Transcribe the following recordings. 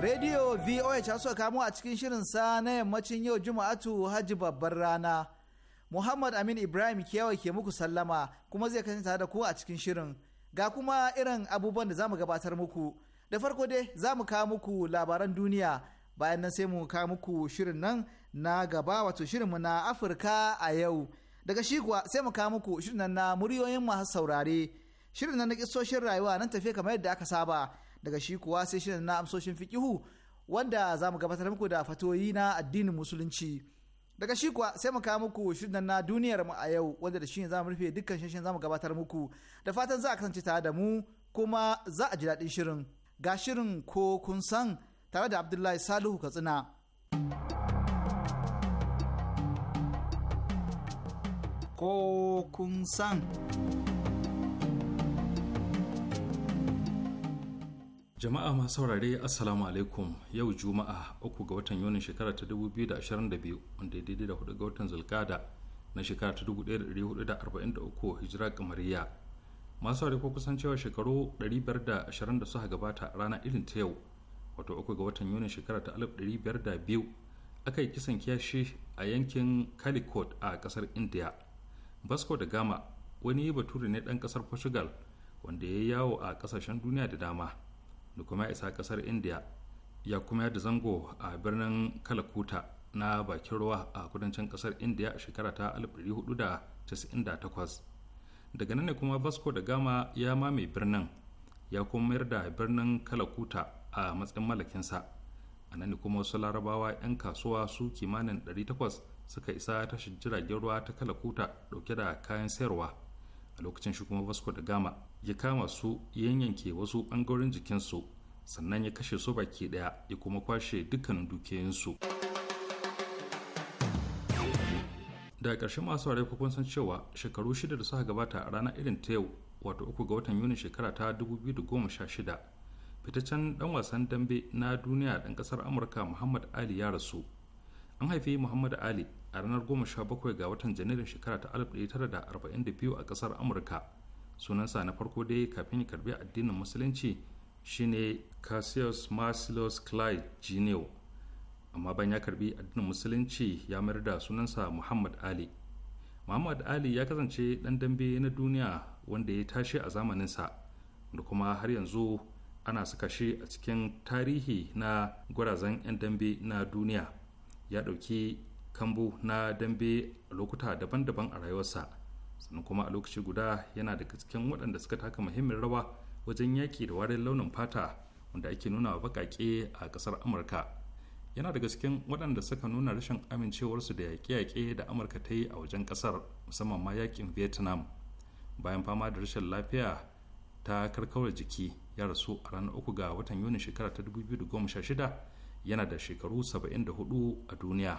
Radio VOH ya suka kamo a cikin shirin sa na yammacin yau Juma'atu Hajji babbar rana. Muhammad Amin Ibrahim kewa ke muku sallama kuma zai kasance tare da ku a cikin shirin. Ga kuma irin abubuwan da zamu gabatar muku. Da farko dai za mu kawo muku labaran duniya bayan nan sai mu kawo muku shirin nan na gaba wato shirinmu na Afirka a yau. Daga shi kuwa sai mu kawo muku shirin nan na muryoyin masu saurare. Shirin nan na kisoshin rayuwa nan tafiya kamar yadda aka saba. daga shi kuwa sai shirin na amsoshin fikihu wanda za mu gabatar muku da fatoyi na addinin musulunci daga shi kuwa sai mu kawo muku shirin na duniyar mu a yau wanda da shi ne za mu rufe dukkan shirin za mu gabatar muku da fatan za a kasance tare da mu kuma za a ji daɗin shirin ga shirin ko kun san tare da abdullahi salihu katsina ko kun san jama'a masu saurare assalamu alaikum yau juma'a uku ga watan yunin shekara ta 2022 wanda ya daidai da 4 ga watan zulkada na shekara ta 1443 hijira kamariya masu saurare ko kusan cewa shekaru 520 da suka gabata a rana irin ta yau wato uku ga watan yunin shekara ta 1502 aka yi kisan kiyashi a yankin calicut a kasar india basco da gama wani bature ne dan kasar portugal wanda ya yi yawo a kasashen duniya da dama da kuma isa kasar india ya kuma yadda zango a birnin kalakuta na bakin ruwa a kudancin kasar india a shekara ta 1498 daga nan ne kuma vasco da gama ya mame birnin ya kuma mayar da birnin kalakuta a matsayin malakinsa a nan ne kuma wasu larabawa 'yan kasuwa su kimanin 800 suka isa tashar jiragen ruwa ta kalakuta dauke da kayan sayarwa a lokacin shi kuma vasco da gama ya kama su yanyanke wasu ɓangaren jikinsu sannan ya kashe su baki daya ya kuma kwashe dukkanin dukiyoyinsu daga ƙarshen masu ware kun san cewa shekaru shida da suka gabata a ranar irin ta yau wato uku ga watan yuni shekara ta 2016 fitaccen dan wasan dambe na duniya dan kasar amurka muhammad ali ya rasu an haifi muhammad ali a ranar 17 ga watan janairun shekara ta 1942 a kasar amurka sunansa na farko dai kafin ya karbi addinin musulunci shine cassius marcellus clyde jr amma ban ya karbi addinin musulunci ya mayar da sunansa muhammad ali muhammad ali ya kasance dan dambe na duniya wanda ya tashi a zamaninsa da kuma har yanzu ana saka shi a cikin tarihi na gwarazan 'yan dambe na duniya ya ɗauki kambu na dambe a lokuta daban-daban a rayuwarsa sannan kuma a lokaci guda yana daga cikin waɗanda suka taka muhimmin rawa wajen yaƙi da warin launin fata wanda ake nuna baƙaƙe a ƙasar amurka yana daga cikin waɗanda suka nuna rashin amincewarsu da yaƙe-yaƙe da amurka ta yi a wajen ƙasar musamman ma yaƙin vietnam bayan fama da rashin lafiya ta karkawar jiki ya rasu a ranar uku ga watan yuni shekara ta 2016 yana da shekaru 74 a duniya.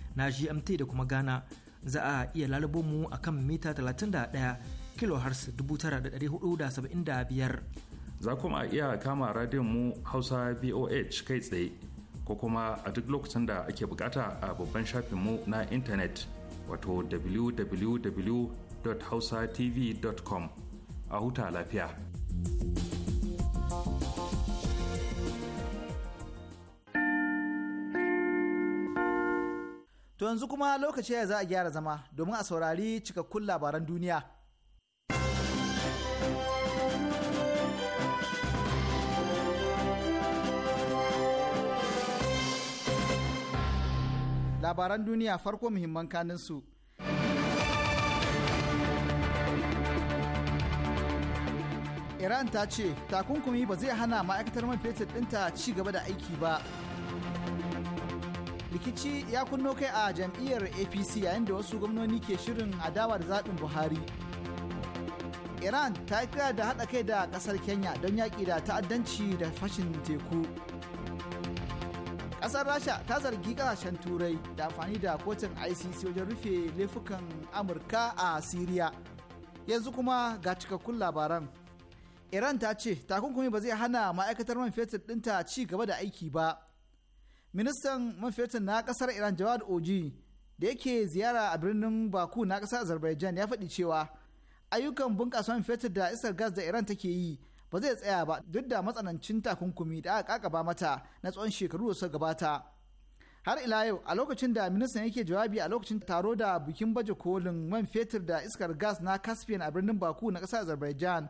na GMT da kuma Ghana za a iya lalubo mu a kan mita 31 kilohertz 9475. Za kuma a iya kama radiyon mu Hausa BOH kai tsaye ko kuma a duk lokacin da ake bukata a babban shafin mu na intanet wato www.hausatv.com a huta lafiya. To yanzu kuma lokaci ya za a gyara zama domin a saurari cikakkun labaran duniya. Labaran duniya farko muhimman kaninsu. Iran ta ce takunkumi ba zai hana ma'aikatar man fetur ɗinta ci gaba da aiki ba. rikici ya kunno kai a jam'iyyar apc yayin da wasu gwamnoni ke shirin adawa da zaɓin buhari iran ta yi kira da haɗa kai da ƙasar kenya don yaƙi da ta'addanci da fashin teku ƙasar rasha ta zargi ƙasashen turai da amfani da kotun icc wajen rufe laifukan amurka a siriya yanzu kuma ga cikakkun labaran iran ta ce takunkumi ba zai hana ma'aikatar man fetur ɗinta ci gaba da aiki ba ministan man fetur na kasar iran jawad oji da yake ziyara a birnin baku na kasar azerbaijan ya faɗi cewa ayyukan bunƙasa man fetur da isar gas da iran take yi ba zai tsaya ba duk da matsanancin takunkumi da aka kakaba mata na tsawon shekaru da suka gabata har ila yau a lokacin da ministan yake jawabi a lokacin taro da bikin baje kolin man fetur da iskar gas na caspian a birnin baku na kasar azerbaijan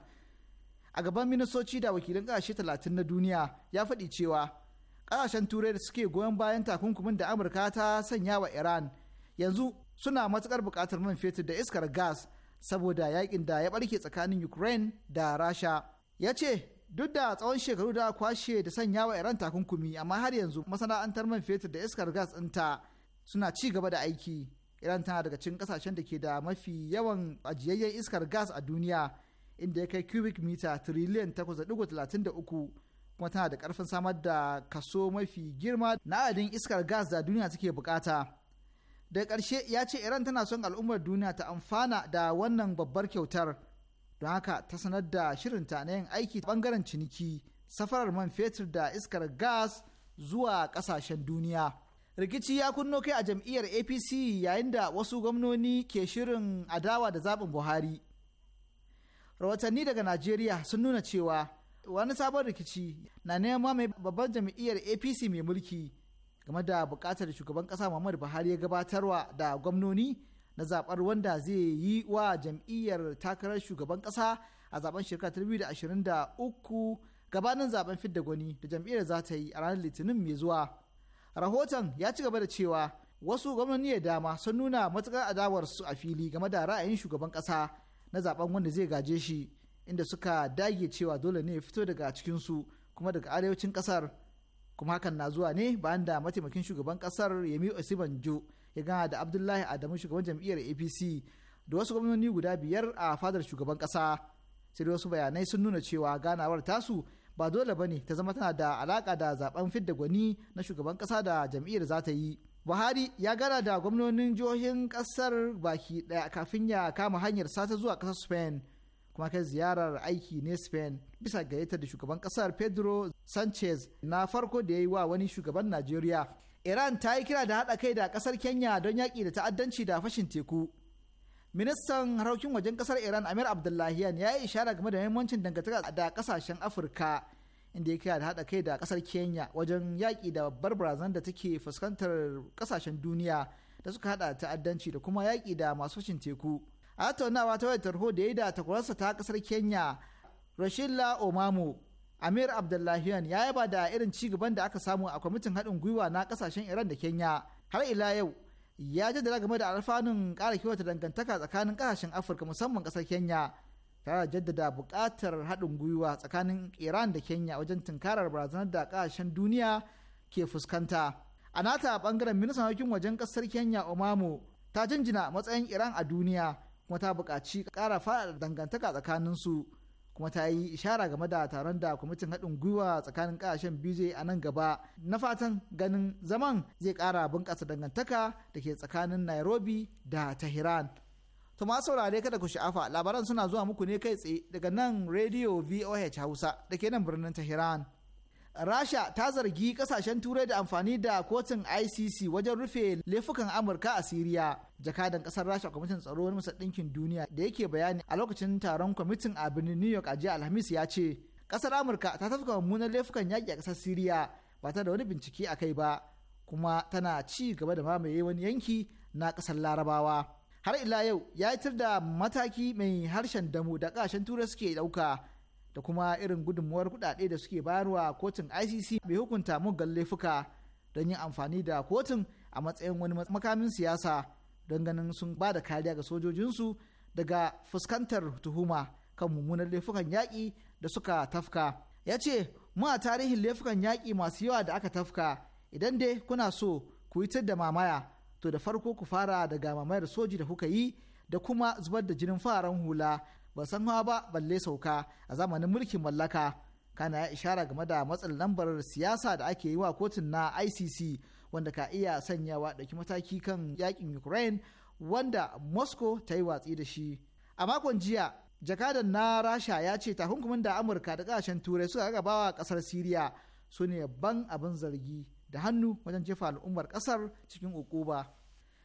a gaban ministoci da wakilin ƙasashe talatin na duniya ya faɗi cewa kasashen turai da suke goyon bayan takunkumin da amurka ta sanya wa iran yanzu suna matukar buƙatar man fetur da iskar gas saboda yakin da ya barke tsakanin ukraine da rasha ya ce duk da tsawon shekaru da kwashe da sanya wa iran takunkumi amma har yanzu masana'antar man fetur da iskar gas ɗinta suna ci gaba da aiki iran tana daga cikin kasashen da ke da mafi yawan ajiyayyen iskar gas a duniya inda ya kai cubic mita tiriliyan 8.33 kuma tana da karfin samar da kaso mafi girma na adadin iskar gas da duniya take bukata da ƙarshe ya ce iran tana son al'ummar duniya ta amfana da wannan babbar kyautar don haka ta sanar da shirinta na yin aiki ta bangaren ciniki safarar man fetur da iskar gas zuwa kasashen duniya rikici ya kunno kai a jam'iyyar apc yayin da wasu gwamnoni ke shirin adawa da zaɓin buhari rahotanni daga najeriya sun nuna cewa wani sabon rikici na neman mai babban jam'iyyar apc mai mulki game da bukatar shugaban kasa muhammadu buhari ya gabatarwa da gwamnoni na zabar wanda zai yi wa jam'iyyar takarar shugaban kasa a zaben shekara 2023 gabanin zaben fidda gwani da jam'iyyar za ta yi a ranar litinin mai zuwa rahoton ya ci gaba da cewa wasu gwamnoni da dama sun nuna matukar adawarsu a fili game da ra'ayin shugaban kasa na zaben wanda zai gaje shi inda suka dage cewa dole ne ya fito daga cikinsu kuma daga arewacin kasar kuma hakan na zuwa ne bayan da mataimakin shugaban kasar yemi osibanjo ya gana da abdullahi adamu shugaban jam'iyyar apc da wasu gwamnoni guda biyar a fadar shugaban kasa sai wasu bayanai sun nuna cewa ganawar tasu ba dole ba ne ta zama tana da alaka da zaben fidda gwani na shugaban kasa da jam'iyyar za ta yi buhari ya gana da gwamnonin jihohin kasar baki daya kafin ya kama hanyar sata zuwa kasar spain kuma kai ziyarar aiki ne spain bisa gayyatar da shugaban kasar pedro sanchez na farko da ya yi wa wani shugaban najeriya iran ta yi kira da haɗa kai da ƙasar kenya don yaƙi da ta'addanci da fashin teku ministan harkokin wajen ƙasar iran amir abdullahian ya yi ishara game da muhimmancin dangantaka da ƙasashen afirka inda ya kira da haɗa kai da ƙasar kenya wajen yaƙi da babbar barazan da take fuskantar ƙasashen duniya da suka haɗa ta'addanci da kuma yaƙi da masu fashin teku a tattaunawa ta wayar tarho da ya da takwararsa ta kasar kenya rashilla omamu amir abdullahian ya yaba da irin ci gaban da aka samu a kwamitin haɗin gwiwa na ƙasashen iran da kenya har ila yau ya jaddada game da alfanun ƙara kiwata dangantaka tsakanin ƙasashen afirka musamman ƙasar kenya tare da jaddada buƙatar haɗin gwiwa tsakanin iran da kenya wajen tunkarar barazanar da ƙasashen duniya ke fuskanta a nata ɓangaren ministan harkokin wajen ƙasar kenya omamu ta jinjina matsayin iran a duniya kuma ta buƙaci ƙara faɗaɗa dangantaka tsakaninsu kuma ta yi ishara game da taron da kwamitin haɗin gwiwa tsakanin ƙasashen biyu zai a nan gaba na fatan ganin zaman zai ƙara bunƙasa dangantaka da ke tsakanin nairobi da tehran to ma saurare kada ku sha'afa labaran suna zuwa muku ne kai tsaye daga nan radio voh hausa da ke nan birnin tehran rasha ta zargi kasashen turai da amfani da kotun icc wajen rufe laifukan amurka a siriya jakadan kasar rasha kwamitin tsaro na masar Dinkin duniya da yake bayani a lokacin taron kwamitin a birnin new york a jiya alhamis ya ce kasar amurka ta tafka mummunan laifukan yaƙi a kasar siriya ba ta da wani bincike a kai ba kuma tana ci gaba da mamaye wani yanki na kasar larabawa har ila yau ya tar da mataki mai harshen damu da kasashen turai suke ɗauka da kuma irin gudunmuwar kudade da suke bayarwa kotun ICC mai hukunta muggan laifuka don yin amfani da kotun a matsayin wani makamin siyasa don ganin sun ba da kariya ga sojojinsu daga fuskantar tuhuma kan mummunar laifukan yaƙi da suka tafka. Ya ce, mu a tarihin laifukan yaƙi masu yawa da aka tafka idan dai kuna so ku yi da mamaya to da farko ku fara daga mamayar soji da kuka yi da kuma zubar da jinin fararen hula ba san ba balle sauka a zamanin mulkin mallaka kana ya ishara game da matsin lambar siyasa da ake yi wa kotun na icc wanda ka iya sanyawa ɗauki mataki kan yakin ukraine wanda moscow ta yi watsi da shi a makon jiya jakadan na rasha ya ce takunkumin da amurka da kasashen turai suka gaba bawa kasar siriya su ne ban abin zargi da hannu wajen jefa al'ummar kasar cikin ukuba.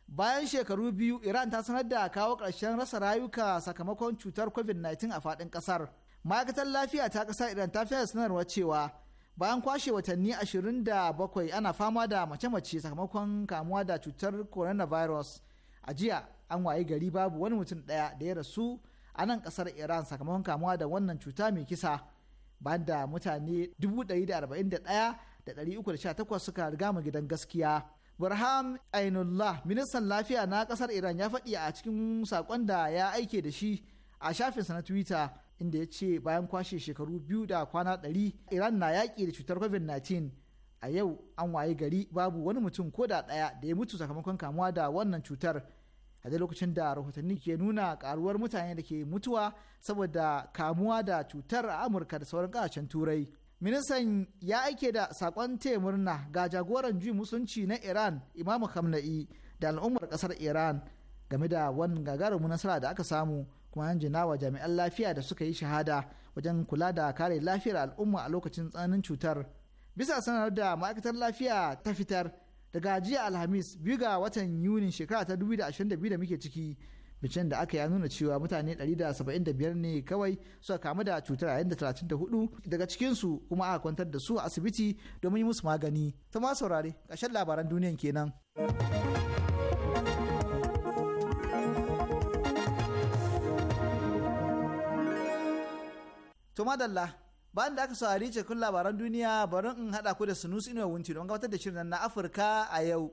bayan shekaru biyu iran ta sanar da kawo karshen rasa rayuka sakamakon cutar covid-19 a faɗin ƙasar ma'aikatar lafiya ta ƙasar iran ta fiye sanarwa cewa bayan kwashe watanni 27 ana fama da mace-mace sakamakon kamuwa da cutar coronavirus a jiya an waye gari babu wani mutum ɗaya da ya rasu a nan ƙasar iran sakamakon kamuwa da wannan cuta mai kisa bayan da mutane 141,318 suka riga mu gidan gaskiya. Burham Ainullah ministan lafiya na kasar Iran ya faɗi a cikin sakon da ya aike da shi a shafinsa na Twitter inda ya ce bayan kwashe shekaru biyu da kwana ɗari Iran na yaƙi da cutar COVID-19 a yau an waye gari babu wani mutum ko da ɗaya da ya mutu sakamakon kamuwa da wannan cutar a da lokacin da rahotanni ke nuna karuwar mutane da ke mutuwa saboda kamuwa da cutar a Amurka da sauran ƙasashen Turai. ministan ya aike da sakon taya murna ga jagoran juyin musulunci na iran imamu hamna'i da al'ummar kasar iran game da wani gagarumin nasara da aka samu kuma an jina wa jami'an lafiya da suka yi shahada wajen kula da kare lafiyar al'umma a lokacin tsananin cutar bisa sanar da ma'aikatar lafiya ta fitar daga jiya alhamis biyu ga watan yunin shekara ta 2022 da muke ciki binciken da aka ya nuna cewa mutane 175 ne kawai suka kamu da cutar yayin da 34 daga cikinsu kuma aka kwantar da su a asibiti domin yi musu magani. Ta ma saurare, ƙarshen labaran duniyan kenan. To madalla, bayan da aka saurari cikin labaran duniya bari in haɗa ku da Sunusi Inuwa Wunti don gabatar da shirin na Afirka a yau.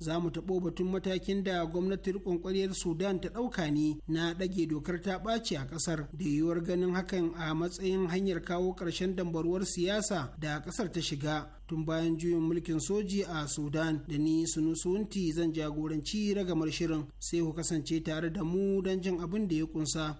za mu taɓo batun matakin da gwamnatin kwankwaliyar sudan ta ɗauka ne na ɗage dokar ta ɓaci a ƙasar da yiwuwar ganin hakan a matsayin hanyar kawo ƙarshen dambaruwar siyasa da ƙasar ta shiga tun bayan juyin mulkin soji a sudan da ni sunti zan jagoranci ragamar shirin sai ku kasance tare da mu don jin abin da ya kunsa.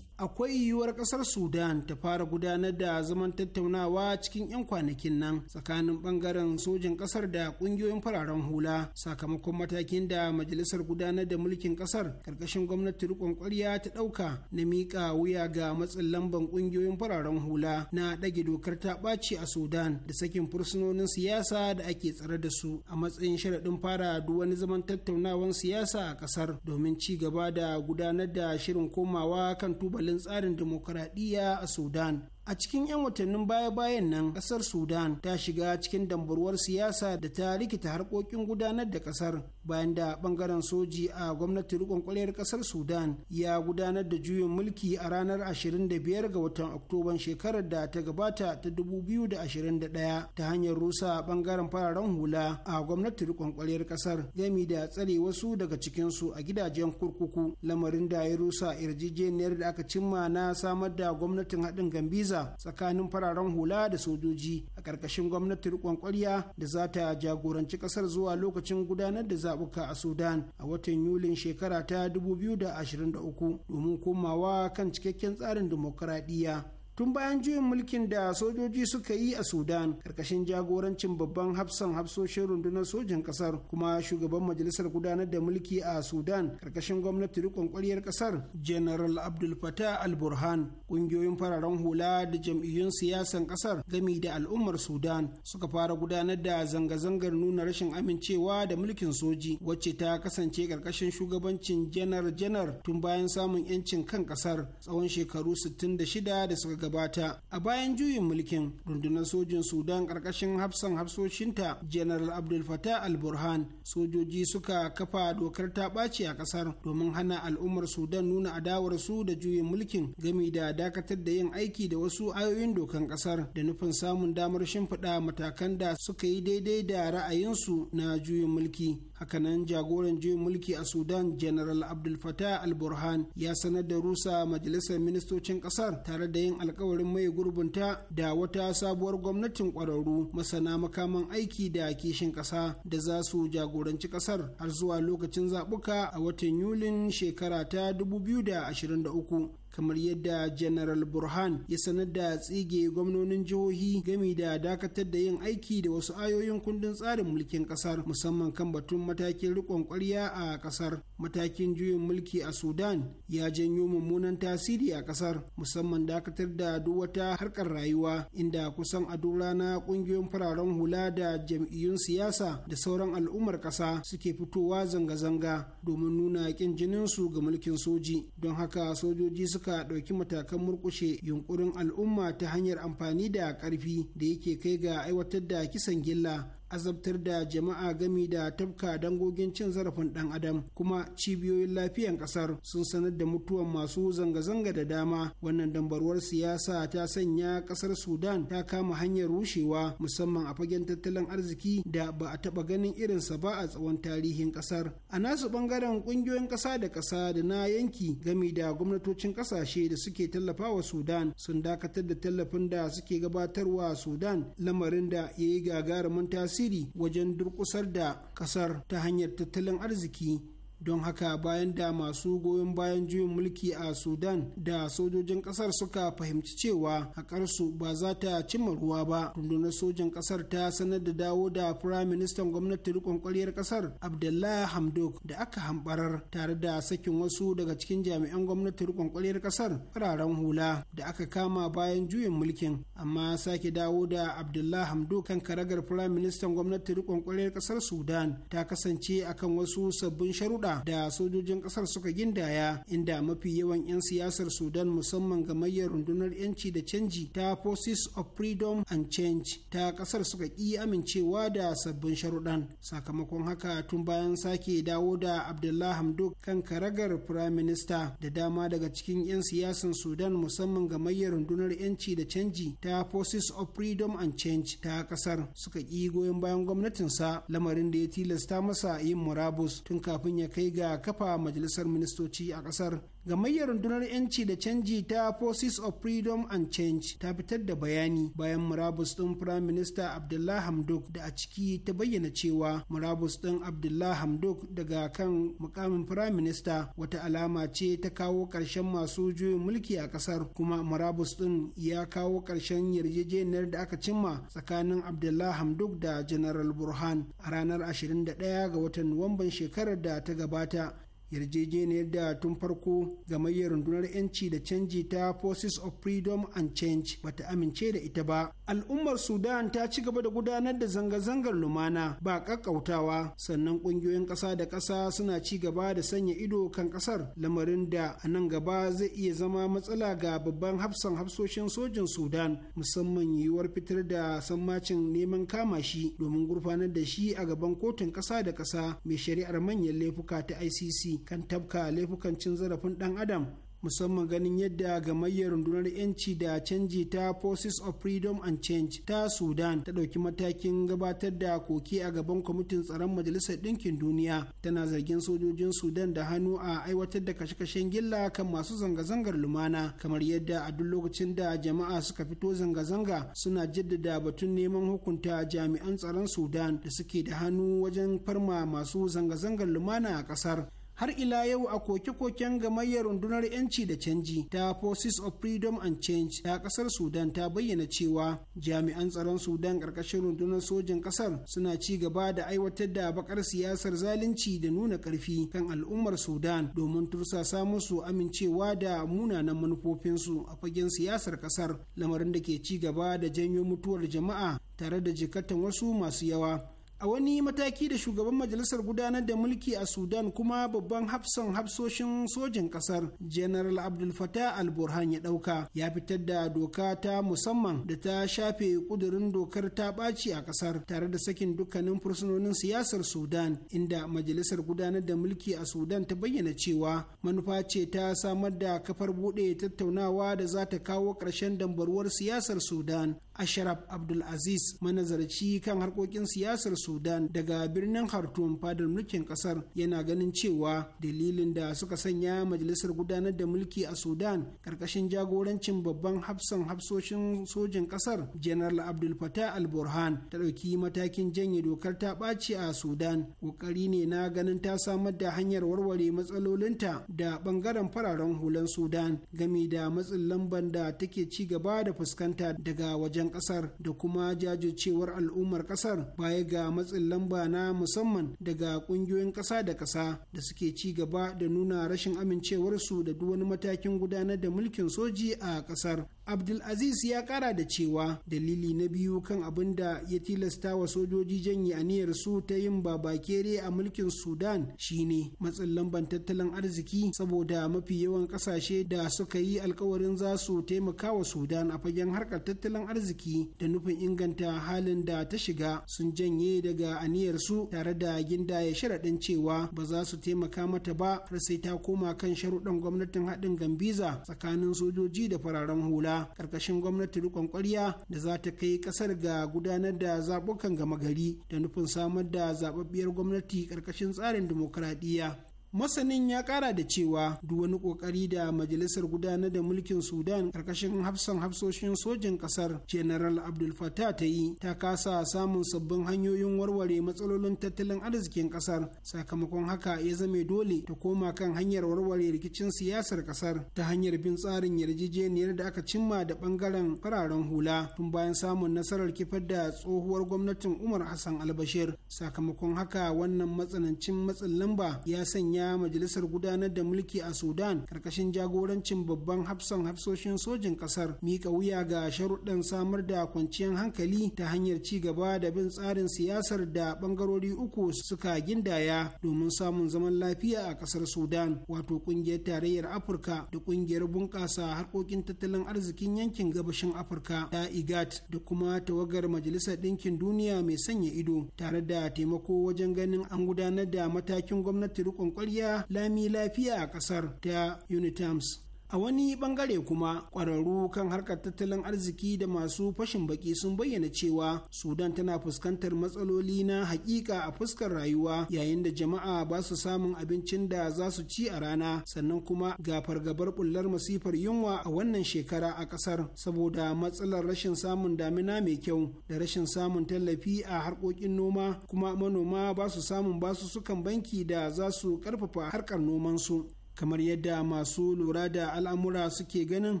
akwai yiwuwar kasar sudan ta fara gudanar da zaman tattaunawa cikin 'yan kwanakin nan tsakanin bangaren sojin kasar da kungiyoyin fararen hula sakamakon matakin da majalisar gudanar da mulkin kasar karkashin gwamnati rikon kwarya ta dauka na miƙa wuya ga matsin lamban kungiyoyin fararen hula na dage dokar ta ɓaci a sudan da sakin fursunonin siyasa da ake tsare da su a matsayin sharaɗin fara duk wani zaman tattaunawan siyasa a kasar domin ci gaba da gudanar da shirin komawa kan tubalin tsarin demokuraɗiyya a sudan a cikin 'yan watannin baya-bayan nan ƙasar sudan ta shiga cikin dambarwar siyasa da ta rikita harkokin gudanar da ƙasar. bayan da bangaren soji a gwamnati rikon kwaliyar kasar sudan ya gudanar da juyin mulki a ranar 25 ga watan oktoban shekarar da ta gabata ta 2021 ta hanyar rusa ɓangaren fararen hula a gwamnati rikon ƙasar kasar gami da tsare wasu daga cikinsu a gidajen kurkuku lamarin da ya rusa yarjejeniyar da aka cimma na samar da gwamnatin haɗin gambiza tsakanin fararen hula da sojoji a ƙarƙashin gwamnatin riƙon ƙwarya da za ta jagoranci ƙasar zuwa lokacin gudanar da zaɓuka a Sudan a watan Yulin shekara ta 2023 domin komawa kan cikakken tsarin dimokuraɗiyya. tun bayan juyin mulkin da sojoji suka yi a sudan karkashin jagorancin babban hafsan hafsoshin rundunar sojin kasar kuma shugaban majalisar gudanar da mulki a sudan karkashin gwamnati rikon kwaryar kasar general abdul fatah al burhan kungiyoyin fararen hula da jam'iyyun siyasan kasar gami da al'ummar sudan suka fara gudanar da zanga-zangar nuna rashin amincewa da mulkin soji wacce ta kasance karkashin shugabancin janar janar tun bayan samun 'yancin kan kasar tsawon shekaru 66 da suka gabata a bayan juyin mulkin rundunar sojin sudan ƙarƙashin hafsan hafsoshinta general abdul fatah al-burhan sojoji suka kafa dokar ta ɓaci a ƙasar domin hana al'ummar sudan nuna adawar su da juyin mulkin gami da dakatar da yin aiki da wasu ayoyin dokan ƙasar da nufin samun damar shimfiɗa matakan da suka yi daidai da ra'ayinsu na juyin mulki hakanan jagoran juyin mulki a sudan general abdul fatah al-burhan ya sanar da rusa majalisar ministocin ƙasar tare da yin alkawarin mai gurbinta da wata sabuwar gwamnatin kwararru masana makaman aiki da kishin ƙasa da za su jagoranci ƙasar har zuwa lokacin zaɓuka a watan yulin shekara ta 2023 kamar yadda general burhan ya sanar da tsige gwamnonin jihohi gami da dakatar da yin aiki da wasu ayoyin kundin tsarin mulkin kasar musamman kan batun matakin rikon kwarya a kasar matakin juyin mulki a sudan ya janyo mummunan tasiri a kasar musamman dakatar da duk wata harkar rayuwa inda kusan a duk na kungiyoyin fararen hula da jam'iyyun siyasa da sauran al'ummar kasa suke fitowa zanga-zanga domin nuna kin su ga mulkin soji don haka sojoji suka suka ɗauki matakan murƙushe yunƙurin al'umma ta hanyar amfani da ƙarfi da yake kai ga aiwatar da kisan gilla azabtar da jama'a gami da tafka dangogin cin zarafin dan adam kuma cibiyoyin lafiyan kasar sun sanar da mutuwan masu zanga-zanga da dama wannan dambarwar siyasa ta sanya kasar sudan ta kama hanyar rushewa musamman a fagen tattalin arziki da ba a taba ganin irinsa ba a tsawon tarihin kasar a nasu bangaren kungiyoyin kasa da kasa da na yanki gami da gwamnatocin kasashe da suke tallafawa sudan sun dakatar da tallafin da suke gabatarwa sudan lamarin da ya yi gagarumin tasiri tasiri wajen durkusar da kasar ta hanyar tattalin arziki don haka bayan da masu goyon bayan juyin mulki a sudan da sojojin kasar suka fahimci cewa haƙarsu ba za ta cimma ruwa ba rundunar sojin kasar ta sanar da dawo da firayim ministan gwamnati rikon kwaryar kasar abdullahi hamdok da aka hambarar tare da sakin wasu daga cikin jami'an gwamnati rikon kwaryar kasar fararen hula da aka kama bayan juyin mulkin amma sake dawo da abdullahi hamdok kan karagar firayim ministan gwamnati rikon kwaryar kasar sudan ta kasance akan wasu sabbin sharuɗa da sojojin kasar suka gindaya inda mafi yawan 'yan siyasar sudan musamman ga gamayyar rundunar 'yanci da canji ta forces of freedom and change ta kasar suka ƙi amincewa da sabbin sharuɗan sakamakon haka tun bayan sake dawo da abdullah hamdok kan karagar prime minister da dama daga cikin 'yan siyasar sudan musamman ga gamayyar rundunar 'yanci da canji ta forces of freedom and change ta kasar suka ƙi goyon bayan gwamnatin sa. lamarin da ya tilasta masa yin murabus tun kafin ya kai kai ga kafa majalisar ministoci a ƙasar gamayyar rundunar 'yanci da canji ta forces of freedom and change ta fitar da bayani bayan murabus ɗin prime minister abdullah hamdok da a ciki ta bayyana cewa murabus ɗin abdullah hamdok daga kan mukamin prime minister wata alama ce ta kawo ƙarshen masu juyin mulki a ƙasar kuma murabus ɗin ya kawo ƙarshen yarjejeniyar da aka cimma tsakanin abdullah hamdok da general burhan a ranar 21 ga watan nuwamban shekarar da ta gabata yarjejeniyar da tun farko ga gamayyar rundunar 'yanci da canji ta forces of freedom and change bata amince da ita ba al'ummar sudan ta ci gaba da gudanar da zanga-zangar lumana ba kakkautawa sannan kungiyoyin ƙasa da ƙasa suna ci gaba da sanya ido kan ƙasar lamarin da a nan gaba zai iya zama matsala ga babban hafsan hafsoshin sojin sudan musamman yiwuwar fitar da sammacin neman kama shi domin gurfanar da shi a gaban kotun ƙasa da ƙasa mai shari'ar manyan laifuka ta icc kan tabka laifukan cin zarafin ɗan adam musamman ganin yadda gamayyar rundunar 'yanci da canji ta forces of freedom and change ta sudan ta ɗauki matakin gabatar da koke a gaban kwamitin tsaron majalisar ɗinkin duniya tana zargin sojojin sudan da hannu a aiwatar da kashe-kashen gilla kan masu zanga-zangar lumana kamar yadda a duk lokacin da jama'a suka fito zanga-zanga suna jaddada batun neman hukunta jami'an tsaron sudan da suke da hannu wajen farma masu zanga-zangar lumana a ƙasar har ila yau a koke-koken gamayyar rundunar 'yanci da canji ta forces of freedom and change ta kasar sudan ta bayyana cewa jami'an tsaron sudan ƙarƙashin rundunar sojin ƙasar suna ci gaba da aiwatar da bakar siyasar zalunci da nuna ƙarfi kan al'ummar sudan domin tursasa musu amincewa da munanan manufofinsu a fagen siyasar ƙasar lamarin da ke ci gaba da janyo mutuwar jama'a tare da jikatan wasu masu yawa a wani mataki da shugaban majalisar gudanar da mulki a sudan kuma babban hafsan hafsoshin sojin kasar general abdul fatah al burhan ya dauka ya fitar da doka ta musamman da ta shafe kudurin dokar ta ɓaci a kasar tare da sakin dukkanin fursunonin siyasar sudan inda majalisar gudanar da mulki a sudan ta bayyana cewa manufa ce ta samar da kafar buɗe tattaunawa da za ta kawo ƙarshen dambaruwar siyasar sudan Ashraf Abdulaziz manazarci kan harkokin siyasar Sudan daga birnin Khartoum fadar mulkin kasar yana ganin cewa dalilin da suka sanya majalisar gudanar da mulki a Sudan karkashin jagorancin babban hafsan hafsoshin sojin kasar General Abdul Fattah Al-Burhan ta ɗauki matakin janye dokar ta ɓaci a Sudan ƙoƙari ne na ganin ta samar da hanyar warware matsalolinta da ɓangaren fararen hulan Sudan game da matsin lamban da take ci gaba da fuskanta daga wajen gidajen kasar da kuma jajircewar al'ummar kasar baya ga matsin lamba na musamman daga kungiyoyin kasa da kasa da suke ci gaba da nuna rashin amincewarsu da duk wani matakin gudanar da mulkin soji a kasar abdulaziz ya kara da cewa dalili na biyu kan abin da ya tilasta wa sojoji janye aniyar su ta yin babakere a mulkin sudan shine matsin lamban tattalin arziki saboda mafi yawan kasashe da suka yi alkawarin za su taimaka wa sudan a fagen harkar tattalin arziki da nufin inganta halin da ta shiga sun janye daga aniyar su tare da gindaya sharaɗin cewa ba za su taimaka mata ba har sai ta koma kan sharuɗan gwamnatin haɗin gambiza tsakanin sojoji da fararen hula guda ƙarƙashin gwamnati rikon ƙwarya da za ta kai ƙasar ga gudanar da zaɓukan gama gari da nufin samar da zaɓaɓɓiyar gwamnati ƙarƙashin tsarin dimokuraɗiyya masanin ya kara da cewa duk wani kokari da majalisar gudanar da mulkin sudan karkashin hafsan hafsoshin sojin kasar general abdul fatah ta yi ta kasa samun sabbin hanyoyin warware matsalolin tattalin arzikin kasar sakamakon haka ya zame dole ta koma kan hanyar warware rikicin siyasar kasar ta hanyar bin tsarin yarjejeniyar da aka cimma da bangaren fararen hula tun bayan samun nasarar kifar da tsohuwar gwamnatin umar hassan albashir sakamakon haka wannan matsanancin matsin lamba ya sanya ya majalisar gudanar da mulki a sudan karkashin jagorancin babban hafsan hafsoshin sojin kasar mika wuya ga sharuɗan samar da kwanciyar hankali ta hanyar ci gaba da bin tsarin siyasar da ɓangarori uku suka gindaya domin samun zaman lafiya a kasar sudan wato ƙungiyar tarayyar afirka da ƙungiyar bunƙasa harkokin tattalin arzikin yankin gabashin afirka ta igat da kuma tawagar majalisar ɗinkin duniya mai sanya ido tare da taimako wajen ganin an gudanar da matakin gwamnati rukun kwari koriya lami lafiya a kasar ta unitams a wani bangare kuma kwararru kan harkar tattalin arziki da masu fashin baki sun bayyana cewa sudan tana fuskantar matsaloli na hakika a fuskar rayuwa yayin da jama'a ba su samun abincin da za su ci a rana sannan kuma ga fargabar bullar masifar yunwa a wannan shekara a kasar saboda matsalar rashin samun damina mai kyau da rashin samun tallafi a harkokin noma kuma manoma ba su samun basussukan banki da za su karfafa harkar nomansu kamar yadda masu lura da al'amura suke ganin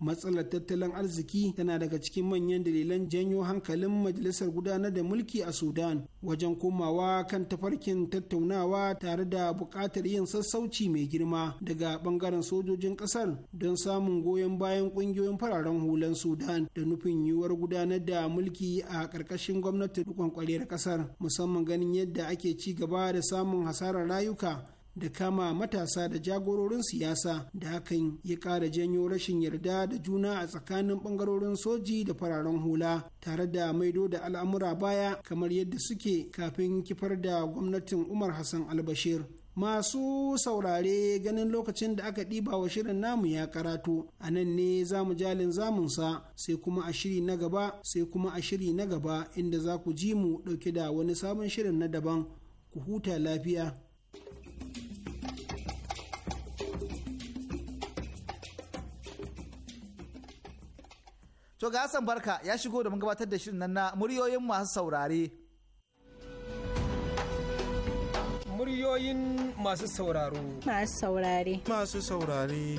matsalar tattalin arziki tana daga cikin manyan dalilan janyo hankalin majalisar gudanar da mulki a sudan wajen komawa kan tafarkin tattaunawa tare da buƙatar yin sassauci mai girma daga ɓangaren sojojin ƙasar don samun goyon bayan ƙungiyoyin fararen hulan sudan da nufin yiwuwar gudanar da mulki a ƙarƙashin gwamnatin ƙwanƙwariyar ƙasar musamman ganin yadda ake ci gaba da samun hasarar rayuka da kama matasa da jagororin siyasa da hakan ya ƙara janyo rashin yarda da juna a tsakanin ɓangarorin soji da fararen hula tare da maido da al'amura baya kamar yadda suke kafin kifar da gwamnatin umar hassan albashir masu saurare ganin lokacin da aka ɗiba wa shirin namu ya karatu a nan ne za mu jalin zamunsa sai kuma a shiri na gaba sai kuma a shiri na gaba inda za ku ji mu ɗauke da wani sabon shirin na daban ku huta lafiya to ga Hassan Barka ya shigo da mun gabatar da shirin nan na muryoyin masu saurare. Muryoyin masu sauraro. Masu saurare. Masu saurare.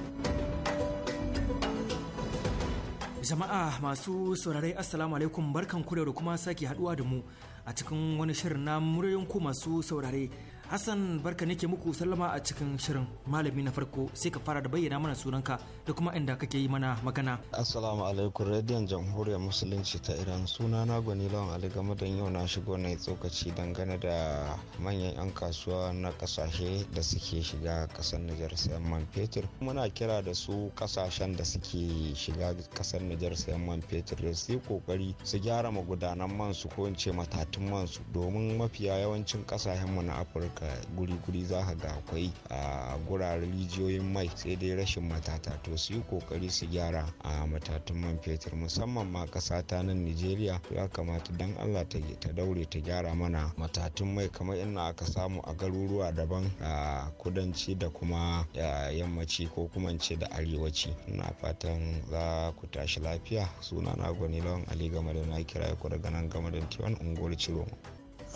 Jama'a masu saurare Assalamu alaikum barkan ku da kuma sake haduwa da mu a cikin wani shirin na muryoyin ku masu saurare. Hassan barka nake muku sallama a cikin shirin malami na farko sai ka fara da bayyana mana sunanka da kuma inda kake yi mana magana. Assalamu alaikum radiyon jamhuriyar musulunci ta Iran suna na gwani lawan Ali game yau na shigo na tsokaci dangane da manyan 'yan kasuwa na kasashe da suke shiga kasar Nijar sayan man fetur. Muna kira da su kasashen da suke shiga kasar Nijar sayan man fetur da su kokari su gyara magudanan man su ko in ce matatun man su domin mafiya yawancin kasashen mu na Afirka ka guri-guri za ka ga akwai a guraren rijiyoyin mai sai dai rashin matata to su yi kokari su gyara a matatun man fetur musamman ma ƙasa ta nan Nijeriya ya kamata dan Allah ta daure ta gyara mana matatun mai kamar inda aka samu a garuruwa daban a kudanci da kuma yammaci ko kuma ce da arewaci ina fatan za ku tashi lafiya suna na gwani lawan ali game da na kira ku daga nan game da tiwon unguwar ciroma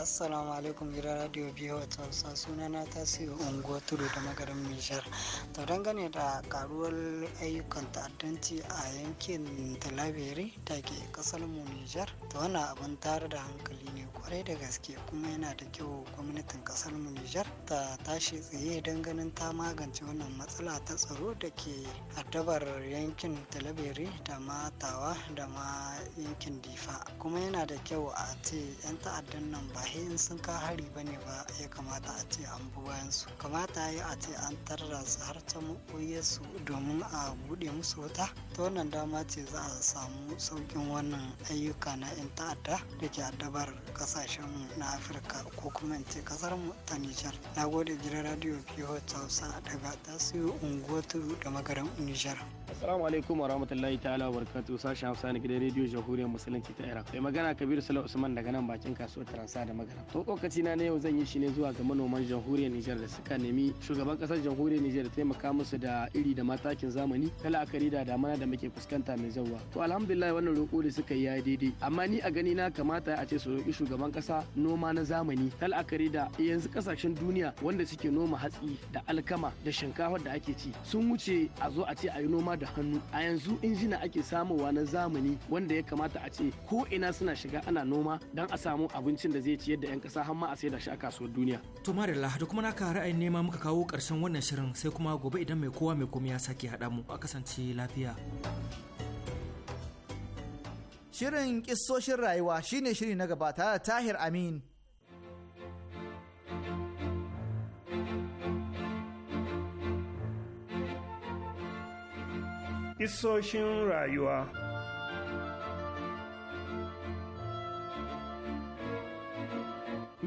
assalamu alaikum gidan radio biyu a tausa suna na tasiri unguwa tudu da magarin nijar to dangane da karuwar ayyukan ta'addanci a yankin talabiri da ke kasar mu nijar ta wani abin tare da hankali ne kwarai da gaske kuma yana da kyau gwamnatin kasar mu nijar ta tashi tsaye don ganin ta magance wannan matsala ta tsaro da ke addabar yankin talabiri da ma tawa da ma yankin difa kuma yana da kyau a ce 'yan ta'addan nan ba in sun ka hari ba ne ba ya kamata a ce an bi bayansu kamata ya a ce an tarra su har can su domin a buɗe musu wuta ta wannan dama ce za a samu saukin wannan ayyuka na 'yan ta'adda da ke addabar ƙasashenmu na afirka ko kuma in ce mu ta nijar na gode gidan radio ph hausa daga tasiri unguwatu da magaran nijar Assalamu alaikum wa rahmatullahi ta'ala wa barakatuhu sashen Hausa na gidan rediyo Jamhuriyar Musulunci ta Iraq. Mai magana Kabiru Sala Usman daga nan bakin kasuwar Taransa da Magana. To lokaci na yau zan yi shi ne zuwa ga manoman Jamhuriyar Nijar da suka nemi shugaban kasar Jamhuriyar Nijar taimaka musu da iri da matakin zamani kala akari da damana da muke fuskanta mai zauwa. To alhamdulillah wannan roƙo da suka yi ya daidai. Amma ni a gani na kamata a ce su roƙi shugaban kasa noma na zamani kala akari da yanzu kasashen duniya wanda suke noma hatsi da alkama da shinkafa da ake ci sun wuce a zo a ce a yi noma da hannu a yanzu injina ake samuwa na zamani wanda ya kamata a ce ko ina suna shiga ana noma don a samu abincin da zai ciyar da 'yan kasa har ma a saida shi a kasuwar duniya. To Marilla da kuma naka ra'ayin nema muka kawo ƙarshen wannan shirin sai kuma gobe idan mai kowa mai komai ya sake haɗa mu a kasance lafiya. Shirin kisoshin rayuwa shine shiri na gaba tare da Tahir Amin. Isoshin rayuwa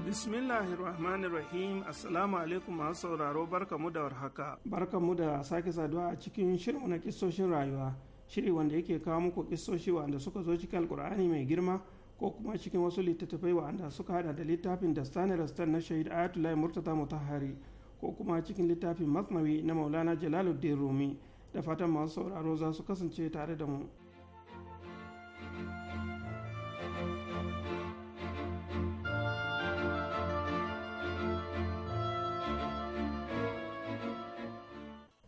Bismillahirrahmanirrahim Assalamu alaikum masu sauraro barkamu da warhaka. Barkamu da sake saduwa a cikin shirin na kisoshin rayuwa, shiri wanda yake kawo muku kisoshi wanda suka zo cikin alkur'ani mai girma ko kuma cikin wasu littattafai wanda suka hada da littafin da Stanley Rastan na Shahid Ayatollah Murtata Mutahari ko kuma cikin littafin Masnawi na Maulana Jalaluddin Rumi. da fatan masu sauraro za su kasance tare da mu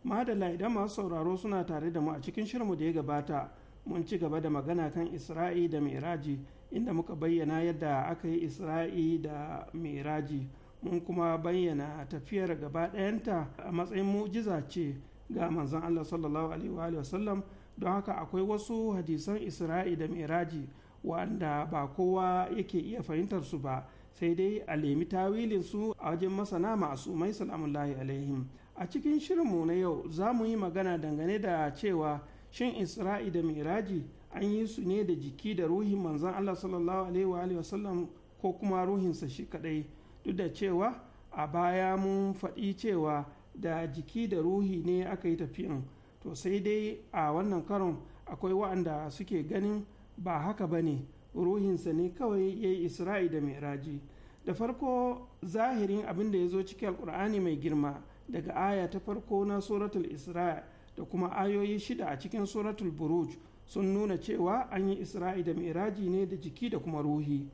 Madala idan masu sauraro suna tare da mu a cikin shirmu da ya gabata mun ci gaba da magana kan isra'i da miraji inda muka bayyana yadda aka yi isra'i da miraji mun kuma bayyana tafiyar gaba ɗayanta a matsayin mujiza ce ga manzon Allah sallallahu alaihi wa sallam don haka akwai wasu hadisan Isra'i da Miraji wanda ba kowa yake iya fahimtar su ba sai dai a lemi tawilin su a wajen masana mai salamullahi alaihim a cikin shirin mu na yau za mu yi magana dangane da cewa shin Isra'i da Miraji an yi su ne da jiki da ruhin manzon Allah sallallahu alaihi wa sallam ko kuma ruhinsa shi kadai duk da cewa a baya mun faɗi cewa da jiki da ruhi ne aka yi tafiyan to sai dai a wannan karon akwai wa'anda suke ganin ba haka ba ne ruhinsa ne kawai ya yi isra'i da miraji da farko zahirin abin da ya zo cikin alkur'ani mai girma daga aya ta farko na suratul isra'i da kuma ayoyi shida a cikin suratul buruj sun nuna cewa an yi isra'i da miraji ne da jiki da kuma ruhi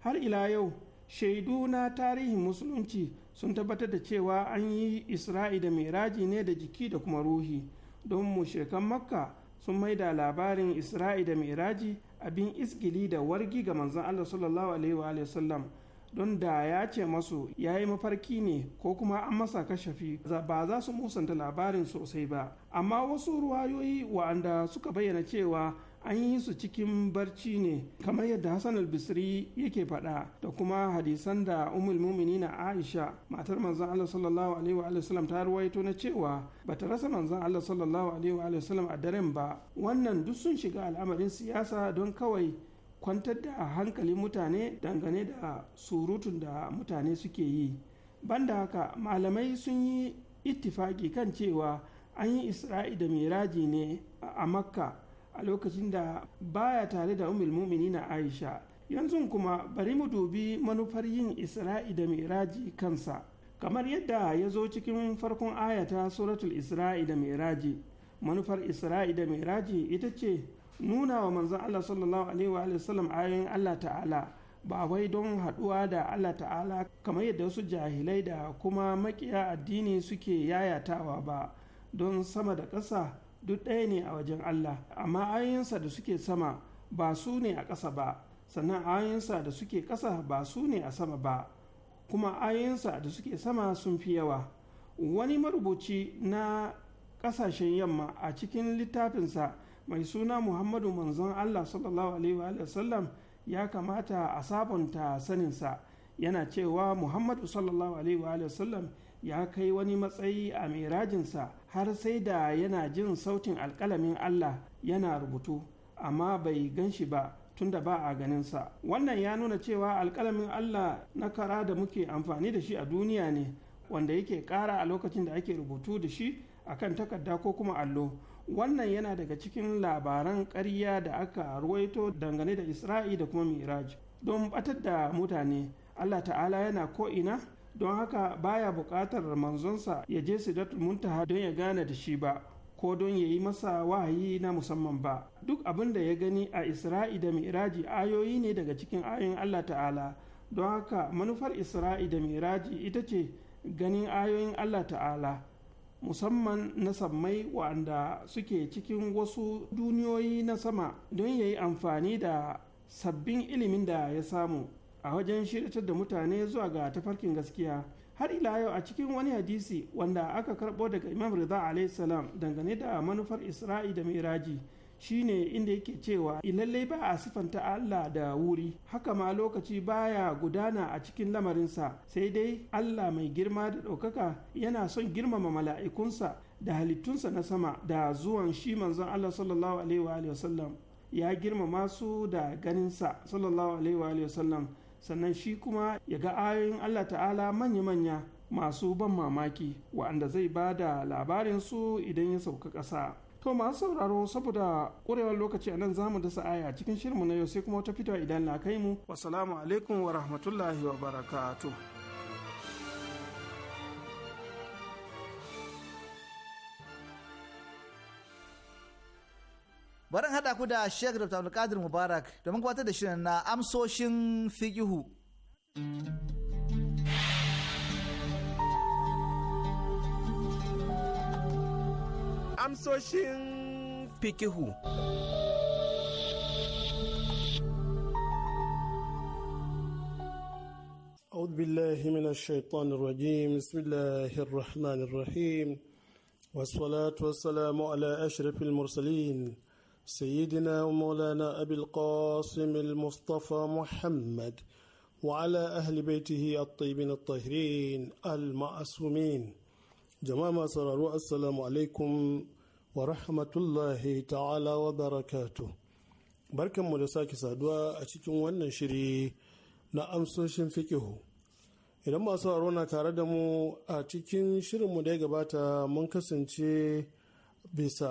har ila yau shaidu na tarihin musulunci sun tabbatar da cewa an yi isra'i da miraji ne da jiki da kuma ruhi don mu shekan makka sun maida labarin isra'i da miraji abin isgili da wargi ga manzon allah sallallahu alaihi wa sallam don da ya ce masu ya yi mafarki ne ko kuma an masa kashafi ba za su musanta labarin sosai ba amma wasu ruwayoyi wa'anda suka bayyana cewa an yi su cikin barci ne kamar yadda hassan bisri yake faɗa da kuma hadisan da umul na aisha matar manzan allah sallallahu alaihi wa sallam ta ruwaito na cewa bata rasa manzon allah sallallahu alaihi wa sallam a daren ba wannan duk sun shiga al'amarin siyasa don kawai kwantar da hankalin mutane dangane da surutun da mutane suke yi banda haka malamai sun yi ittifaki kan cewa an yi isra'i da miraji ne a makka a lokacin da baya tare da umul muminina aisha yanzu kuma bari mu dubi manufar yin isra'i da miraji kansa kamar yadda ya zo cikin farkon ayata suratul isra'i da miraji manufar isra'i da miraji ita ce nuna wa manzon allah sallallahu alaihi wa sallam ayoyin allah ta'ala ba wai don haɗuwa da allah ta'ala kamar yadda wasu jahilai da kuma makiya addini suke yayatawa ba don sama da ƙasa duk ɗaya ne a wajen Allah amma ayoyinsa da suke sama ba su ne a ƙasa ba sannan ayoyinsa da suke ƙasa ba su ne a sama ba kuma ayoyinsa da suke sama sun fi yawa wani marubuci na ƙasashen yamma a cikin littafinsa mai suna muhammadu manzon Allah ya kamata a sabunta saninsa yana cewa muhammadu sallallahu alaihi wa sallam ya kai wani matsayi a mirajinsa har sai da yana jin sautin alkalamin Allah yana rubutu amma bai gan shi ba tunda ba a ganinsa wannan ya nuna cewa alkalamin Allah na kara da muke amfani da shi a duniya ne wanda yake kara a lokacin da ake rubutu da shi a kan takarda ko kuma allo wannan yana daga cikin labaran ƙarya da aka ruwaito dangane da isra'i da kuma miraj don batar da mutane allah ta'ala yana ko'ina don haka baya buƙatar manzonsa ya je sidatul muntaha don ya gane da shi ba ko don ya yi masa wahayi na musamman ba duk abin da ya gani a isra'i da miraji ayoyi ne daga cikin ayoyin allah ta'ala don haka manufar isra'i da miraji ita ce ganin ayoyin allah ta'ala musamman na sammai wa'anda suke cikin wasu duniyoyi na sama don ya yi amfani da sabbin ilimin da ya samu a wajen shiritar da mutane zuwa ga tafarkin gaskiya har ila yau a cikin wani hadisi wanda aka karbo daga imam rida alayhi salam dangane da manufar isra'i da miraji shine inda yake cewa ilallai ba a sifanta Allah da wuri haka ma lokaci baya gudana a cikin lamarinsa sai dai Allah mai girma da ɗaukaka yana son girmama mala'ikunsa da halittunsa na sama da zuwan shi manzon Allah sallallahu alaihi wa sallam ya girmama su da ganinsa sallallahu alaihi wa sallam sannan shi kuma ya ga ayoyin Allah ta'ala manya-manya masu ban mamaki wa'anda zai ba da labarin su idan ya sauka ƙasa. To masu sauraro saboda ƙurewar lokaci a nan zamu dasa aya cikin shirinmu na yau sai kuma wata fitowa idan na kai mu. Wasalamu alaikum wa rahmatullahi wa barakatuh. bari haɗa ku da Sheikh Dr. Abdulkadir Mubarak domin gabatar da shirin na amsoshin fiqihu. Amsoshin fiqihu. أعوذ بالله من الشيطان الرجيم بسم الله الرحمن الرحيم والصلاة والسلام على أشرف المرسلين سيدنا ومولانا أبي القاسم المصطفى محمد وعلى أهل بيته الطيبين الطاهرين المعصومين جماعة سرارو السلام عليكم ورحمة الله تعالى وبركاته بركة مدساك سادوا أتكم وانا شري نعم سوشن فكهو idan masu sauraro na tare da mu a cikin shirinmu da ya gabata mun kasance bisa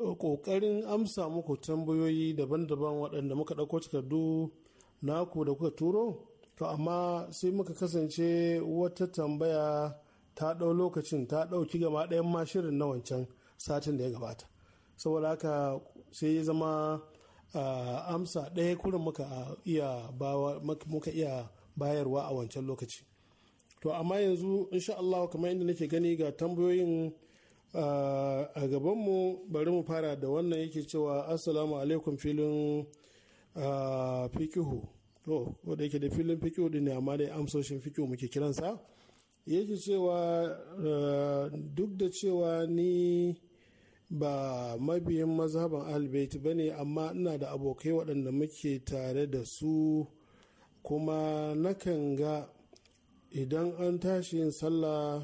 ƙoƙarin amsa muku tambayoyi daban-daban waɗanda muka ɗauko takardu naku da kuka turo to amma sai muka kasance wata tambaya ta ɗau lokacin ta ɗauki gaba ɗayan ma na wancan satin da ya gabata saboda haka sai ya zama amsa ɗaya kurin muka iya muka iya bayarwa a wancan lokaci to amma yanzu insha kamar inda nake gani ga tambayoyin a gabanmu bari mu fara da wannan yake cewa assalamu alaikum filin fikihu to wadda yake da filin fikihu din ne amma dai amsoshin fikihu muke kiransa yake cewa duk da cewa ni ba mabiyin mazhaban albait ba ne amma ina da abokai waɗanda muke tare da su kuma nakan ga idan an tashi yin sallah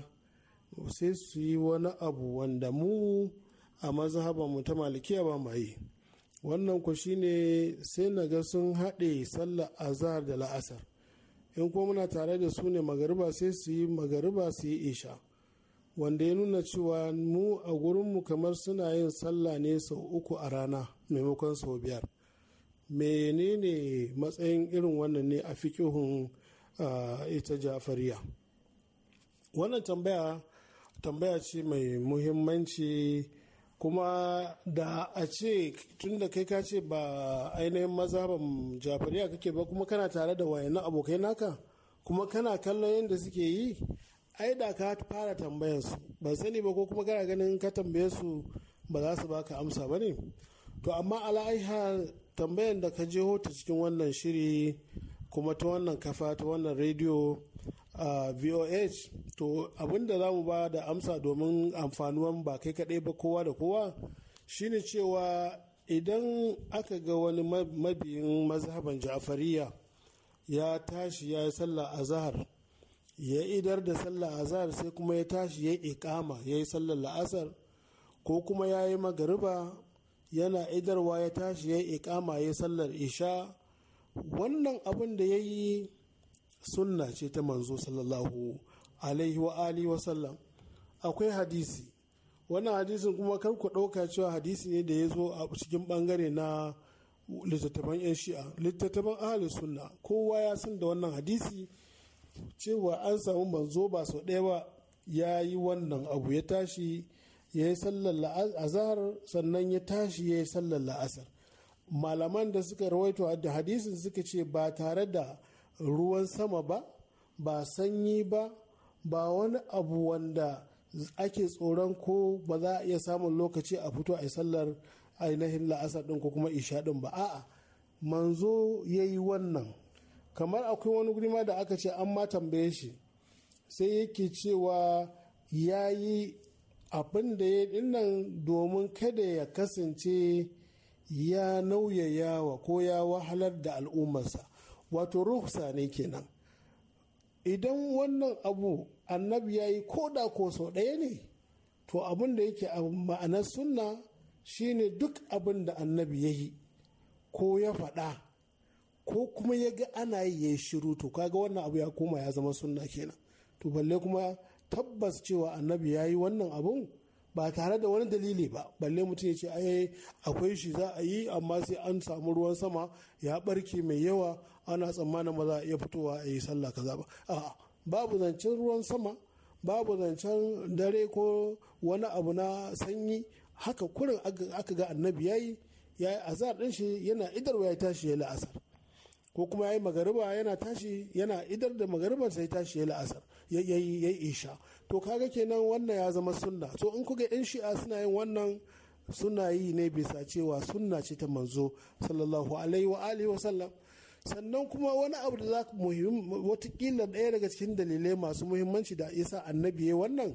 sai su yi wani abu wanda mu a mazhaban mu ta malikiya ba ma yi wannan ku shine sai na ga sun haɗe sallar azhar da la'asar in kuma muna tare da su ne magariba sai su yi magariba su yi isha wanda ya nuna cewa mu a gurinmu kamar suna yin sallah ne sau uku a rana maimakon sau biyar menene matsayin irin wannan ne a fikihun ah, ita jafariya wannan tambaya tambaya ce mai muhimmanci kuma da a ce tun da kai ka ce ba ainihin maza ba jafariya kake ba kuma kana tare da wayannan abokai naka kuma kana kallon yadda suke yi ai da ka fara tambayar su ban sani ba ko kuma kana ganin ka tambaye su ba za su baka amsa ba ne to amma ala'aiha tambayan da ka je hota cikin wannan shiri kuma ta wannan kafa ta wannan rediyo a voh to abinda za mu ba da amsa domin amfanuwan ba kai kaɗai ba kowa da kowa shine cewa idan aka ga wani mabiyin mazhaban ja'fariya ya tashi ya yi sallah a zahar ya idar da sallah a zahar sai kuma ya tashi ya yi ikama ya yi sallah la'asar ko kuma ya yi magariba yana idarwa ya tashi ya yi ikama ya yi sallar isha wannan abin da ya yi sunna ce ta manzo sallallahu alaihi wa alihi wa sallam akwai hadisi wannan hadisin kuma kar ku ɗauka cewa hadisi ne da ya zo a cikin ɓangare na littattafan 'yan shi'a littattafan ahalin sunna kowa ya san da wannan hadisi cewa an samu manzo ba sau ɗaya ba ya yi wannan abu ya tashi ya yi sallar azahar sannan ya tashi ya yi sallar la'asar malaman da suka rawaito da hadisin suka ce ba tare da ruwan sama ba ba sanyi ba ba wani abu wanda ake tsoron ko ba za a iya samun lokaci a fito a sallar ainihin la'asar ɗin ko kuma isha ɗin ba a'a manzo ya yi wannan kamar akwai wani guri ma da aka ce an ma tambaye shi sai yake cewa ya yi abin da ya dinnan domin kada ya kasance ya nauyaya wa ko ya wahalar da al'ummarsa wato ruhsa ne kenan idan wannan abu annabi ya yi koda ko sau ɗaya ne to abin da yake a ma'anar sunna shine duk abin da annabi ya yi ko ya faɗa ko kuma ya ga ana yi ya shiru to kaga wannan abu ya koma ya zama sunna kenan to balle kuma tabbas cewa annabi ya yi wannan abun ba tare da wani dalili ba balle mutum ya ce akwai shi za a yi amma sai an samu ruwan sama ya barke mai yawa ana tsammanin ba za a iya fitowa a yi sallah kaza ba a'a babu zancen ruwan sama babu zancen dare ko wani abu na sanyi haka kurin aka ga annabi yayi yi azar din shi yana idar ya tashi ya la'asar ko kuma yi magariba yana tashi yana idar da magariban sai tashi ya la'asar ya yi isha to kaga kenan wannan ya zama sunna to in kuga in shi'a suna yin wannan suna yi ne bisa cewa sunna ce ta manzo sallallahu alaihi wa alihi wa sallam sannan kuma wani abu da za ku watakila ɗaya daga cikin dalilai masu muhimmanci da isa annabi ya wannan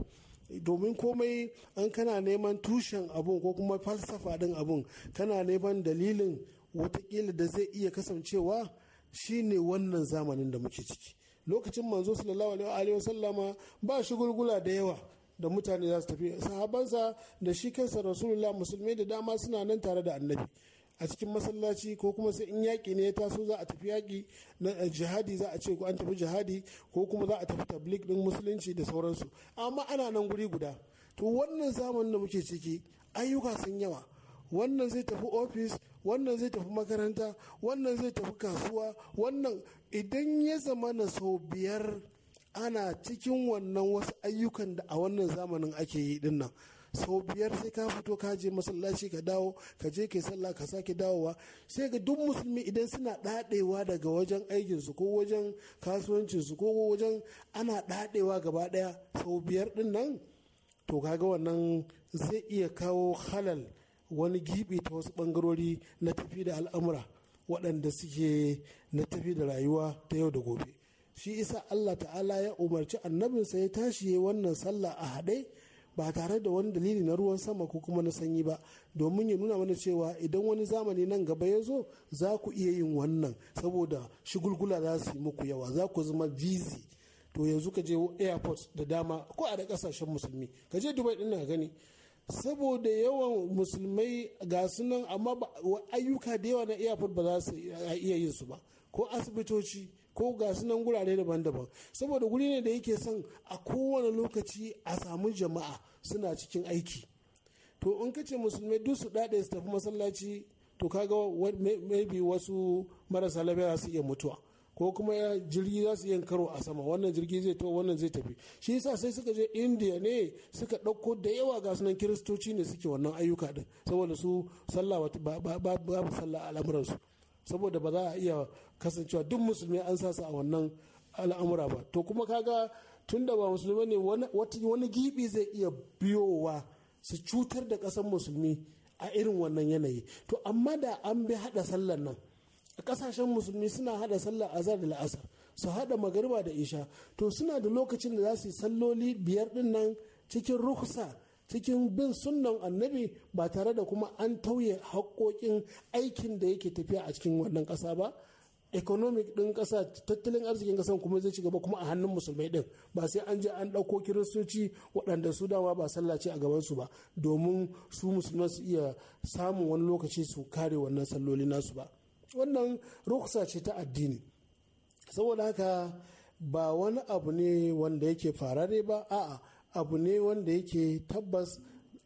domin komai an kana neman tushen abun ko kuma falsafa ɗin abun kana neman dalilin watakila da zai iya kasancewa shine wannan zamanin da muke ciki lokacin manzo sallallahu alaihi wasallama ba shi gulgula da yawa da mutane za su tafi sahabansa da shi kansa rasulullah musulmi da dama suna nan tare da annabi a cikin masallaci ko kuma sai in yaƙi ne ya taso za a tafi yaƙi na eh, jihadi za a ce ko an tafi jihadi ko kuma za a tafi tablik din musulunci da sauransu amma ana nan guri guda to wannan zamanin da muke ciki ayyuka sun yawa wannan zai tafi ofis wannan zai tafi makaranta wannan zai tafi kasuwa wannan idan ya zama na sau biyar ana cikin wannan wasu ayyukan da a wannan zamanin ake yi dinnan sau biyar sai ka fito ka je masallaci ka dawo ka je ka sallah ka sake dawowa sai ga duk musulmi idan suna dadewa daga wajen su ko wajen kasuwancin su ko wajen ana dadewa gaba daya sau biyar din nan to kaga wannan zai iya kawo halal wani gibi ta wasu bangarori na tafi da al'amura waɗanda suke na tafi da rayuwa ta yau da gobe shi isa Allah ta'ala ya umarci annabinsa ya tashi wannan sallah a haɗe ba tare da wani dalili na ruwan sama ko kuma na sanyi ba domin ya nuna mana cewa idan wani zamani nan gaba ya zo za ku iya yin wannan saboda shigulgula za su yi muku yawa za ku zama busy to yanzu ka je airport da dama ko a da kasashen musulmi ka je dubai din gani saboda yawan musulmai ga sunan amma ayyuka da yawa na airport ba za su iya yin su ba ko asibitoci ko ga nan gurare daban-daban saboda guri ne da yake son a kowane lokaci a samu jama'a suna cikin aiki to in ka ce musulmai duk su dade su tafi masallaci to kaga maybe wasu marasa lafiya su iya mutuwa ko kuma jirgi za su yin karo a sama wannan jirgi zai to wannan zai tafi shi yasa sai suka je india ne suka ɗauko da yawa ga sunan kiristoci ne suke wannan ayyuka din saboda su sallah babu sallah al'amuransu saboda ba za a iya kasancewa duk musulmi an sa su a wannan al'amura ba to kuma kaga tun da ba musulmi ne wani gibi zai iya biyowa su cutar da ƙasar musulmi a irin wannan yanayi to amma da an bi hada sallar nan a ƙasashen musulmi suna hada sallar azar da la'asar su hada magariba da isha to suna da lokacin da za su yi salloli biyar din nan cikin rukusa cikin bin sunnan annabi ba tare da kuma an tauye haƙoƙin aikin da yake tafiya a cikin wannan ƙasa ba economic din kasa tattalin arzikin kasan kuma zai ci gaba kuma a hannun musulmai din ba sai an je an dauko kiristoci waɗanda su dama ba sallah ce a gaban su ba domin su musulmai su iya samun wani lokaci su kare wannan salloli nasu ba wannan ruksa ce ta addini saboda haka ba wani abu ne wanda yake farare ba a'a abu ne wanda yake tabbas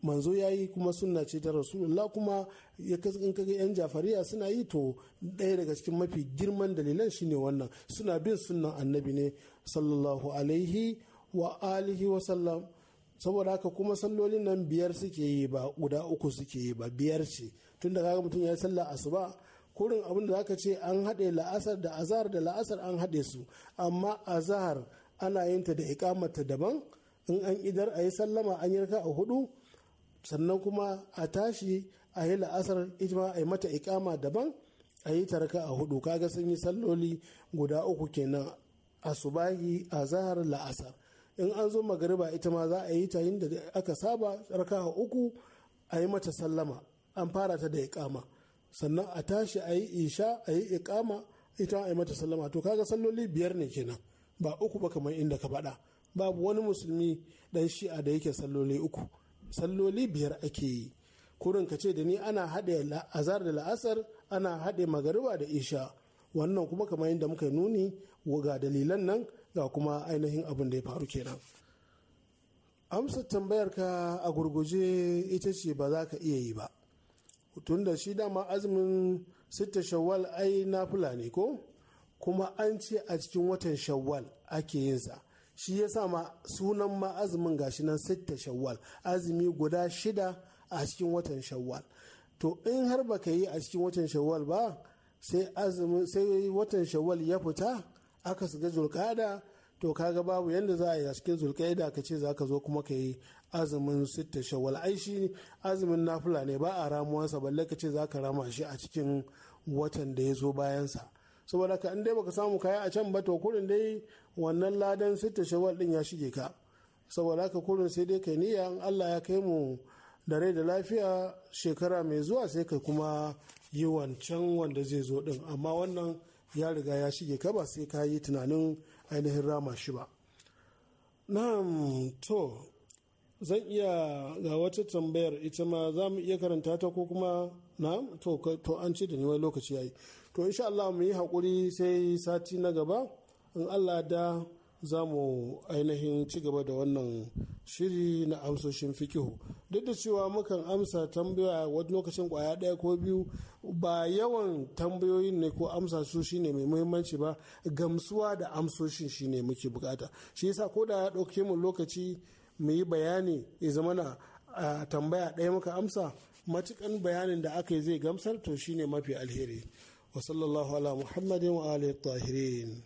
manzo ya yi kuma sunna ce ta rasulullah kuma ya in kaga yan jafariya suna yi to ɗaya daga cikin mafi girman dalilan shine wannan suna bin sunnan annabi ne sallallahu alaihi wa alihi wa sallam saboda haka kuma sallolin nan biyar suke yi ba guda uku suke yi ba biyar ce tun da kaga mutum ya yi sallah asuba kurin abin da zaka ce an haɗe la'asar da azahar da la'asar an haɗe su amma azahar ana yin ta da ikamata daban in an idar a yi sallama an yi raka a hudu sannan kuma a tashi a yi la'asar ita a yi mata ikama daban a yi tarka a hudu kaga sun yi salloli guda uku kenan a a zahar la'asar in an zo magariba ita ma za a yi ta yin da aka saba raka uku a yi mata sallama an fara ta da ikama sannan a tashi a yi isha a yi ikama ita a yi mata sallama to kaga salloli biyar ne kenan ba uku ba kamar inda ka faɗa babu wani musulmi dan shi'a da yake salloli uku salloli biyar ake yi kurin ka ce da ni ana haɗe azar da la'asar ana haɗe magariba da isha wannan kuma kamar yadda muka nuni ga dalilan nan ga kuma ainihin abin da ya faru kenan amsa tambayar ka a gurguje ita ce ba za ka iya yi ba tun da shi dama azumin sita shawwal ai na fulani ko kuma an ce a cikin watan shawwal ake yinsa shi ya sa ma sunan ma azumin gashi nan sitta shawwal azumi guda shida a cikin watan shawwal to in har ba ka yi a cikin watan shawwal ba sai watan shawwal ya fita aka shiga zulkada to kaga babu yadda za a yi a cikin zulkaida ka ce za ka zo kuma ka yi azumin sitta shawwal ai shi azumin fula ne ba a ramuwansa balle ka ce za ka rama shi a cikin watan da ya zo bayansa saboda ka in dai baka samu kaya a can ba to kurin dai wannan ladan sita shawal din ya shige ka saboda haka kurin sai dai kai niyya in Allah ya kai mu da rai da lafiya shekara mai zuwa sai kai kuma yi wancan wanda zai zo din amma wannan ya riga ya shige ka ba sai ka yi tunanin ainihin rama shi ba na'am to zan iya ga wata tambayar ita ma za mu iya karanta ta ko kuma na to an ce da ni wani lokaci ya yi. to insha Allah mu yi haƙuri sai sati na gaba in Allah da za mu ainihin ci gaba da wannan shiri na amsoshin fikihu duk da cewa mukan amsa tambaya wani lokacin kwaya ɗaya ko biyu ba yawan tambayoyin ne ko amsa su shine mai muhimmanci ba gamsuwa da amsoshin shine muke bukata shi yasa ko da ya ɗauke mu lokaci mu yi bayani ya zama na tambaya ɗaya muka amsa matukan bayanin da aka yi zai gamsar to shine mafi alheri وصلى الله على محمد وآله الطاهرين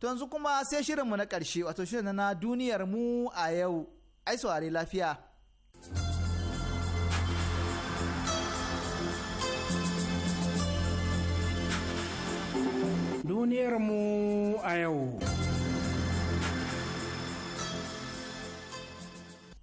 To yanzu kuma sai shirinmu na ƙarshe wato shirin na duniyar mu a yau, ai saurari lafiya. duniyarmu a yau.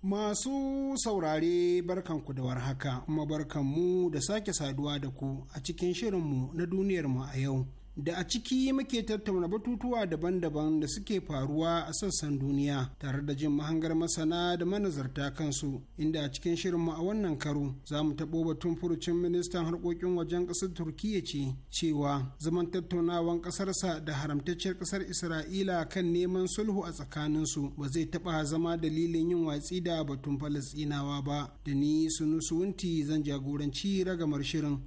Masu saurare barkanku da warhaka kuma barkanmu da sake saduwa da ku a cikin shirinmu na duniyar mu a yau. da a ciki muke tattauna batutuwa daban-daban da suke faruwa a sassan duniya tare da jin mahangar masana da manazarta kansu inda a cikin shirinmu a wannan karo za mu taɓo batun furucin ministan harkokin wajen ƙasar turkiyya ce cewa zaman tattaunawan ƙasarsa da haramtacciyar ƙasar isra'ila kan neman sulhu a tsakaninsu ba zai taɓa zama dalilin yin watsi da batun falasɗinawa ba da ni wunti zan jagoranci ragamar shirin.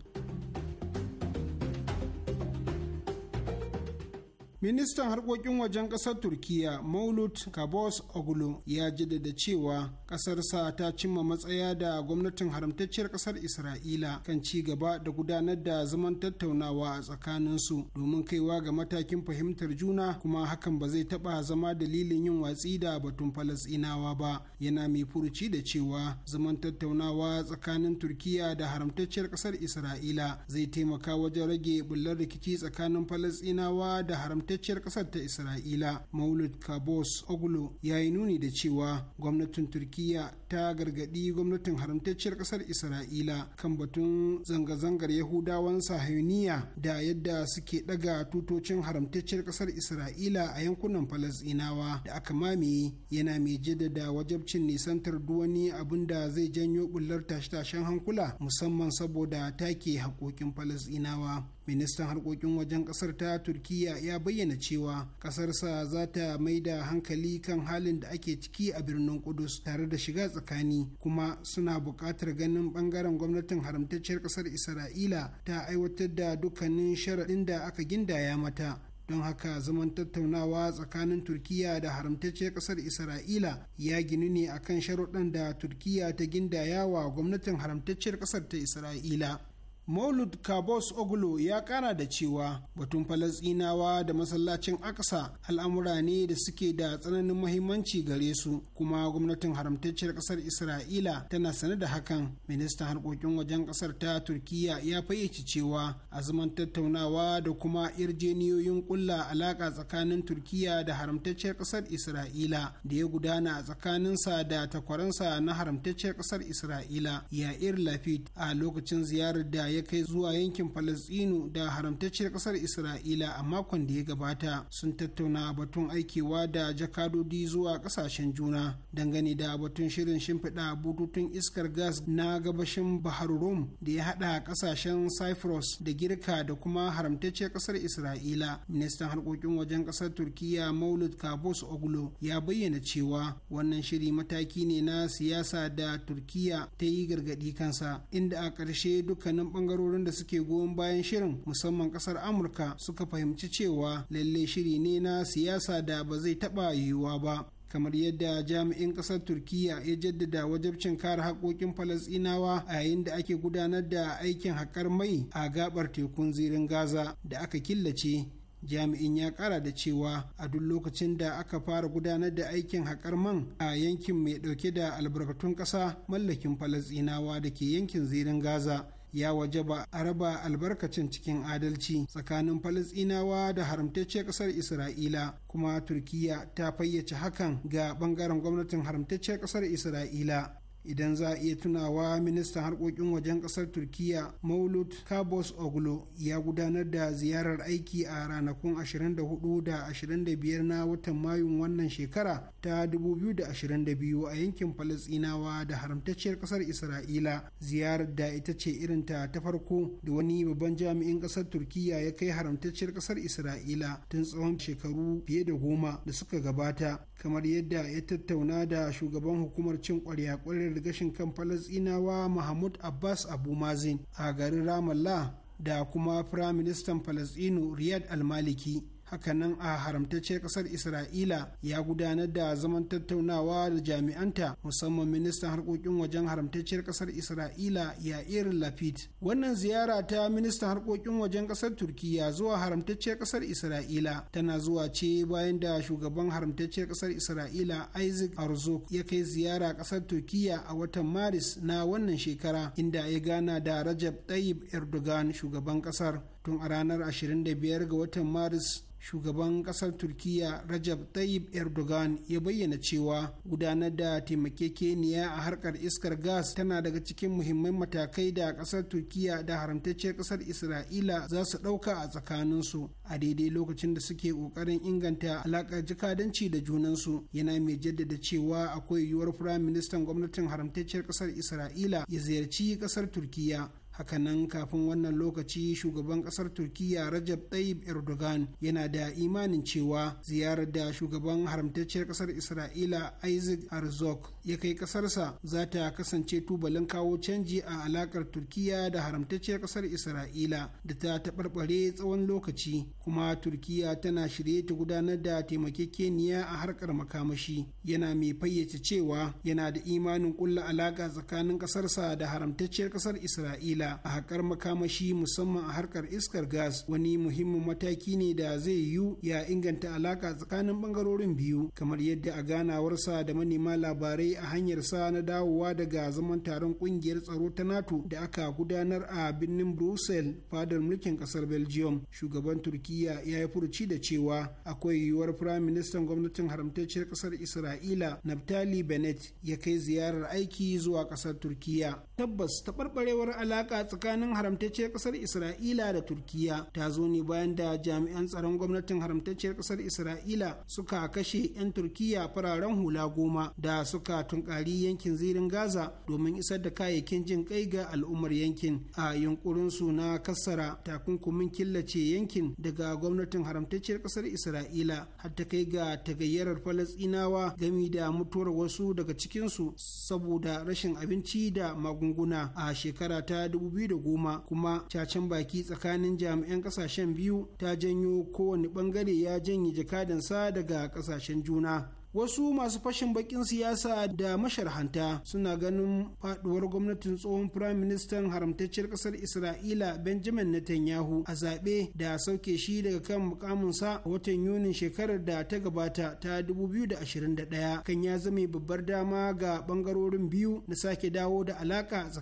ministan harkokin wajen ƙasar Turkiyya, maulut kabos oglu ya jaddada cewa ƙasarsa ta cimma matsaya da gwamnatin haramtacciyar ƙasar isra'ila kan ci gaba da gudanar da zaman tattaunawa a tsakaninsu domin kaiwa ga matakin fahimtar juna kuma hakan ba zai taɓa zama dalilin yin watsi da batun falasɗinawa ba yana mai furuci da cewa zaman tattaunawa tsakanin turkiya da haramtacciyar ƙasar isra'ila zai taimaka wajen rage bullar rikici tsakanin falasɗinawa da haramtacciyar ƙasar ta isra'ila maulud kabos oglo ya yi nuni da cewa gwamnatin turkiya energía ta gargaɗi gwamnatin haramtacciyar ƙasar isra'ila kan batun zanga-zangar yahudawan sahiyoniya da yadda suke ɗaga tutocin haramtacciyar ƙasar isra'ila a yankunan falasɗinawa da aka mamaye yana mai jaddada wajabcin nisantar duwani abin da zai janyo bullar tashe-tashen hankula musamman saboda take haƙoƙin falasɗinawa ministan harkokin wajen kasar ta turkiya ya bayyana cewa kasarsa za ta mai da hankali kan halin da ake ciki a birnin kudus tare da shiga tsakanin tsakani kuma suna buƙatar ganin ɓangaren gwamnatin haramtacciyar ƙasar isra'ila ta aiwatar da dukkanin sharaɗin da aka gindaya mata don haka zaman tattaunawa tsakanin turkiya da haramtacciyar ƙasar isra'ila ya ginu ne akan sharuɗan da turkiya ta gindaya wa gwamnatin haramtacciyar ƙasar ta isra'ila Maulud Kabos Oglo ya kara da cewa batun Falasɗinawa da masallacin Aksa al'amura ne da suke da tsananin mahimmanci gare su kuma gwamnatin haramtacciyar ƙasar Isra'ila tana sane da hakan. Ministan harkokin wajen ƙasar ta Turkiyya ya fayyace cewa azuman tattaunawa da kuma yarjeniyoyin ƙulla alaƙa tsakanin Turkiyya da haramtacciyar ƙasar Isra'ila da ya gudana a tsakaninsa da takwaransa na haramtacciyar ƙasar Isra'ila Yair Lafit a lokacin ziyarar da ya kai zuwa yankin Falasɗinu da haramtacciyar kasar Isra'ila a makon da ya gabata sun tattauna batun aikewa da jakadodi zuwa kasashen juna dangane da batun shirin shimfiɗa bututun iskar gas na gabashin Bahar Rum da ya haɗa ƙasashen Cyprus da Girka da kuma haramtacciyar kasar Isra'ila. Ministan harkokin wajen ƙasar turkiya Maulud Kabus oglo ya bayyana cewa wannan shiri mataki ne na siyasa da Turkiyya ta yi gargaɗi kansa inda a ƙarshe dukkanin bangarorin da suke goyon bayan shirin musamman kasar amurka suka fahimci cewa lalle shiri ne na siyasa da ba zai taɓa yiwuwa ba kamar yadda jami'in kasar turkiya ya jaddada wajabcin kare haƙoƙin falasɗinawa a yayin da ake gudanar da aikin haƙar mai a gabar tekun zirin gaza da aka killace jami'in ya ƙara da cewa a duk lokacin da aka fara gudanar da aikin haƙar man a yankin mai ɗauke da albarkatun ƙasa mallakin falasɗinawa da ke yankin zirin gaza ya wajaba a raba albarkacin cikin adalci tsakanin falasinawa da haramtacciyar ƙasar isra'ila kuma turkiya ta fayyace hakan ga bangaren gwamnatin haramtacciyar ƙasar isra'ila idan za a iya tunawa ministan harkokin wajen kasar turkiya maulud kabos oglo ya gudanar da ziyarar aiki a ranakun 24 da 25 na watan mayun wannan shekara ta 2022 a yankin falasinawa da haramtacciyar kasar isra'ila ziyarar da ita ce irinta ta farko da wani babban jami'in kasar turkiya ya kai haramtacciyar kasar isra'ila tun tsawon shekaru fiye da goma da suka gabata kamar yadda ya tattauna da shugaban hukumar cin kwarya kwarar da gashin kan falasinawa mahmud abbas abu mazin a garin ramallah da kuma firaministan falasinu riyad almaliki hakanan a haramtacciyar kasar isra'ila ya gudanar da zaman tattaunawa da jami'anta musamman ministan harkokin wajen haramtacciyar kasar isra'ila yair lafit wannan ziyara ta ministan harkokin wajen kasar turkiya zuwa haramtacciyar kasar isra'ila tana zuwa ce bayan da shugaban haramtacciyar kasar isra'ila isaac arzok ya kai ziyara kasar turkiya a watan maris na wannan shekara inda ya gana da rajab tayyib erdogan shugaban kasar tun a ranar 25 ga watan maris shugaban kasar turkiya rajab tayyip erdogan ya bayyana cewa gudanar da taimakekeniya a harkar iskar gas tana daga cikin muhimman matakai da kasar turkiya da haramtacciyar kasar isra'ila za su ɗauka a tsakaninsu a daidai lokacin da suke ƙoƙarin inganta alaƙar jikadanci da junansu yana mai jaddada cewa akwai yiwuwar firaministan gwamnatin haramtacciyar kasar isra'ila ya ziyarci kasar turkiya hakanan kafin wannan lokaci shugaban kasar turkiya rajab tayyip erdogan yana da imanin cewa ziyarar da shugaban haramtacciyar kasar isra'ila isaac arzok ya kai kasarsa za ta kasance tubalin kawo canji a alakar turkiya da haramtacciyar kasar isra'ila da ta taɓarɓare tsawon lokaci kuma turkiya tana shirye ta gudanar da taimakekeniya a harkar makamashi yana mai fayyace cewa yana da imanin kulla alaka tsakanin kasarsa da haramtacciyar kasar isra'ila isra'ila a haƙar makamashi musamman a harkar iskar gas wani muhimmin mataki ne da zai yiwu ya inganta alaƙa tsakanin ɓangarorin biyu kamar yadda a ganawarsa da manema labarai a hanyar sa na dawowa daga zaman taron ƙungiyar tsaro ta nato da aka gudanar a birnin brussels fadar mulkin ƙasar belgium shugaban turkiyya ya yi furuci da cewa akwai yiwuwar firaministan gwamnatin haramtacciyar ƙasar isra'ila naftali bennett ya kai ziyarar aiki zuwa ƙasar turkiyya. tabbas taɓarɓarewar alaƙa alaka tsakanin haramtacciyar kasar isra'ila da turkiya ta zo ne bayan da jami'an tsaron gwamnatin haramtacciyar kasar isra'ila suka kashe 'yan turkiya fararen hula goma da suka tunkari yankin zirin gaza domin isar da kayayyakin jin kai ga al'ummar yankin a yunkurin su na kassara takunkumin killace yankin daga gwamnatin haramtacciyar kasar isra'ila har ta kai ga tagayyarar falastinawa gami da mutuwar wasu daga cikinsu saboda rashin abinci da magunguna a shekara ta 2010 kuma cacen baki tsakanin jami'an kasashen biyu ta janyo kowane bangare ya janye jakadansa daga kasashen juna wasu masu fashin bakin siyasa da masharhanta suna ganin faduwar gwamnatin tsohon firayim ministan haramtacciyar kasar isra'ila benjamin netanyahu a zaɓe da sauke shi daga kan a watan yunin shekarar da ta gabata ta 2021 kan ya zame babbar dama ga bangarorin biyu na sake dawo da alaka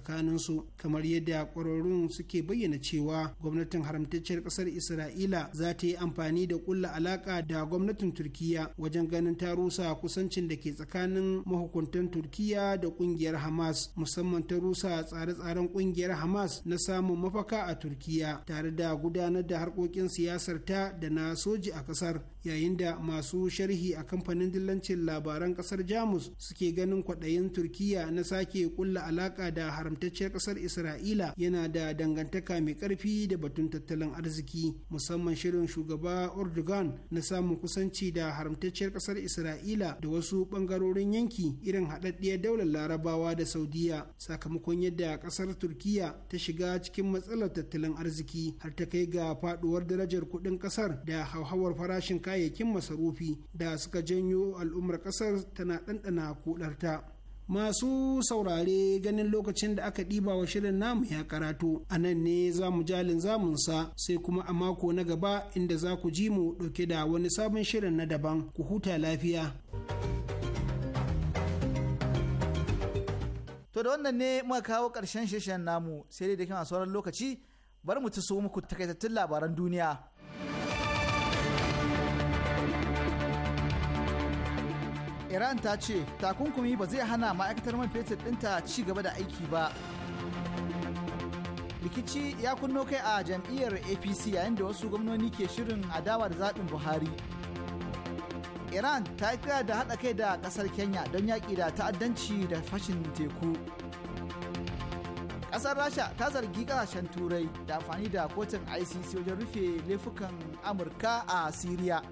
su kamar yadda kwararrun suke bayyana cewa gwamnatin haramtacciyar kasar isra'ila za ta yi amfani da kulla alaka da gwamnatin turkiya wajen ganin ta rusa kusancin da ke tsakanin mahukuntan turkiya da kungiyar hamas musamman ta rusa tsare-tsaren kungiyar hamas na samun mafaka a turkiya tare da gudanar da harkokin siyasar ta da na soji a kasar yayin da masu sharhi a kamfanin dillancin labaran kasar jamus suke ganin kwaɗayin turkiya na sake kulla alaka da haramtacciyar kasar isra'ila yana da dangantaka mai ƙarfi da batun tattalin arziki musamman shirin shugaba erdogan na samun kusanci da haramtacciyar kasar isra'ila isra'ila da wasu bangarorin yanki irin haɗaɗɗiyar daular larabawa da saudiya sakamakon yadda ƙasar turkiya ta shiga cikin matsalar tattalin arziki har ta kai ga faɗuwar darajar kuɗin ƙasar da hauhawar farashin kayayyakin masarufi da suka janyo al'ummar ƙasar tana ɗanɗana kuɗarta masu saurare ganin lokacin da aka ɗiba wa shirin namu ya karatu a nan ne za mu jalin zamunsa sai kuma a mako na gaba inda za ku ji mu ɗauke da wani sabon shirin na daban ku huta lafiya. To da wannan ne muka kawo ƙarshen shirin namu sai dai da kima sauran lokaci bari mu ci so muku takaitattun labaran duniya. iran ta ce takunkumi ba zai hana ma'aikatar man fetur ɗinta ci gaba da aiki ba rikici ya kunno kai a jam'iyyar apc yayin da wasu gwamnoni ke shirin adawa da zaɓin buhari iran ta yi kira da haɗa kai da ƙasar kenya don yaƙi da ta'addanci da fashin teku ƙasar rasha ta zargi ƙasashen turai da amfani da kotun icc wajen rufe laifukan amurka a siriya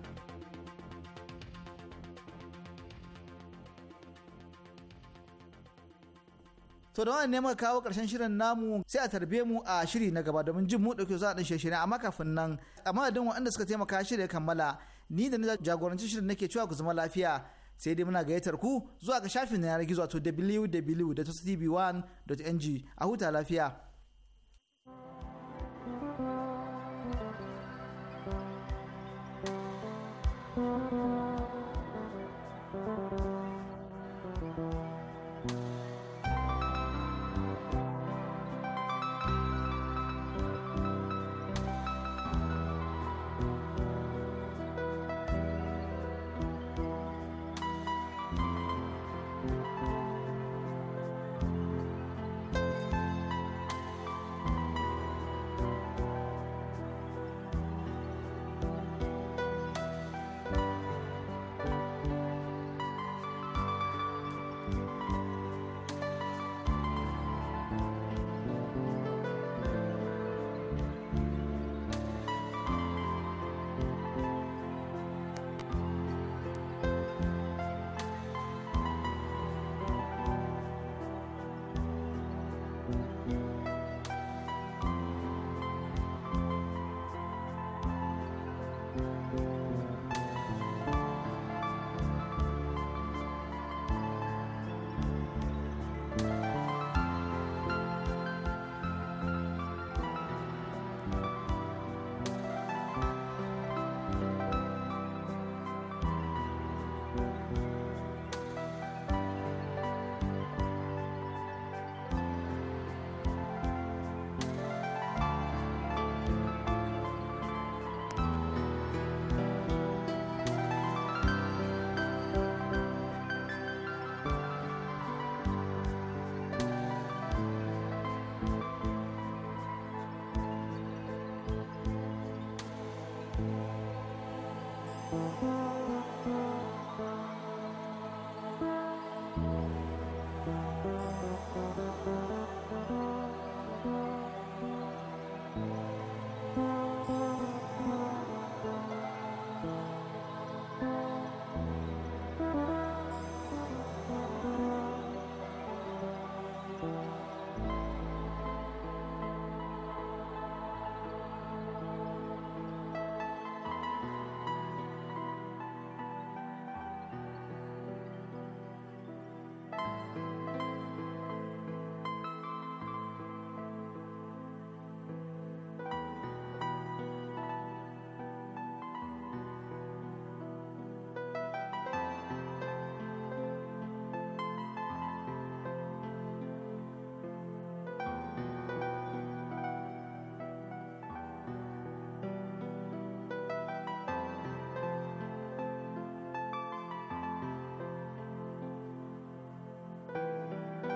to da wannan ne kawo karshen shirin namu sai a tarbe mu a shiri na gaba domin jin mu dauke za a dan shirye amma kafin nan a madadin waɗanda suka taimaka ya kammala ni da na jagoranci shirin nake cewa ku zama lafiya sai dai muna gayyatar ku zuwa ga shafin yanar gizo wato www.tv1.ng a huta lafiya. thank you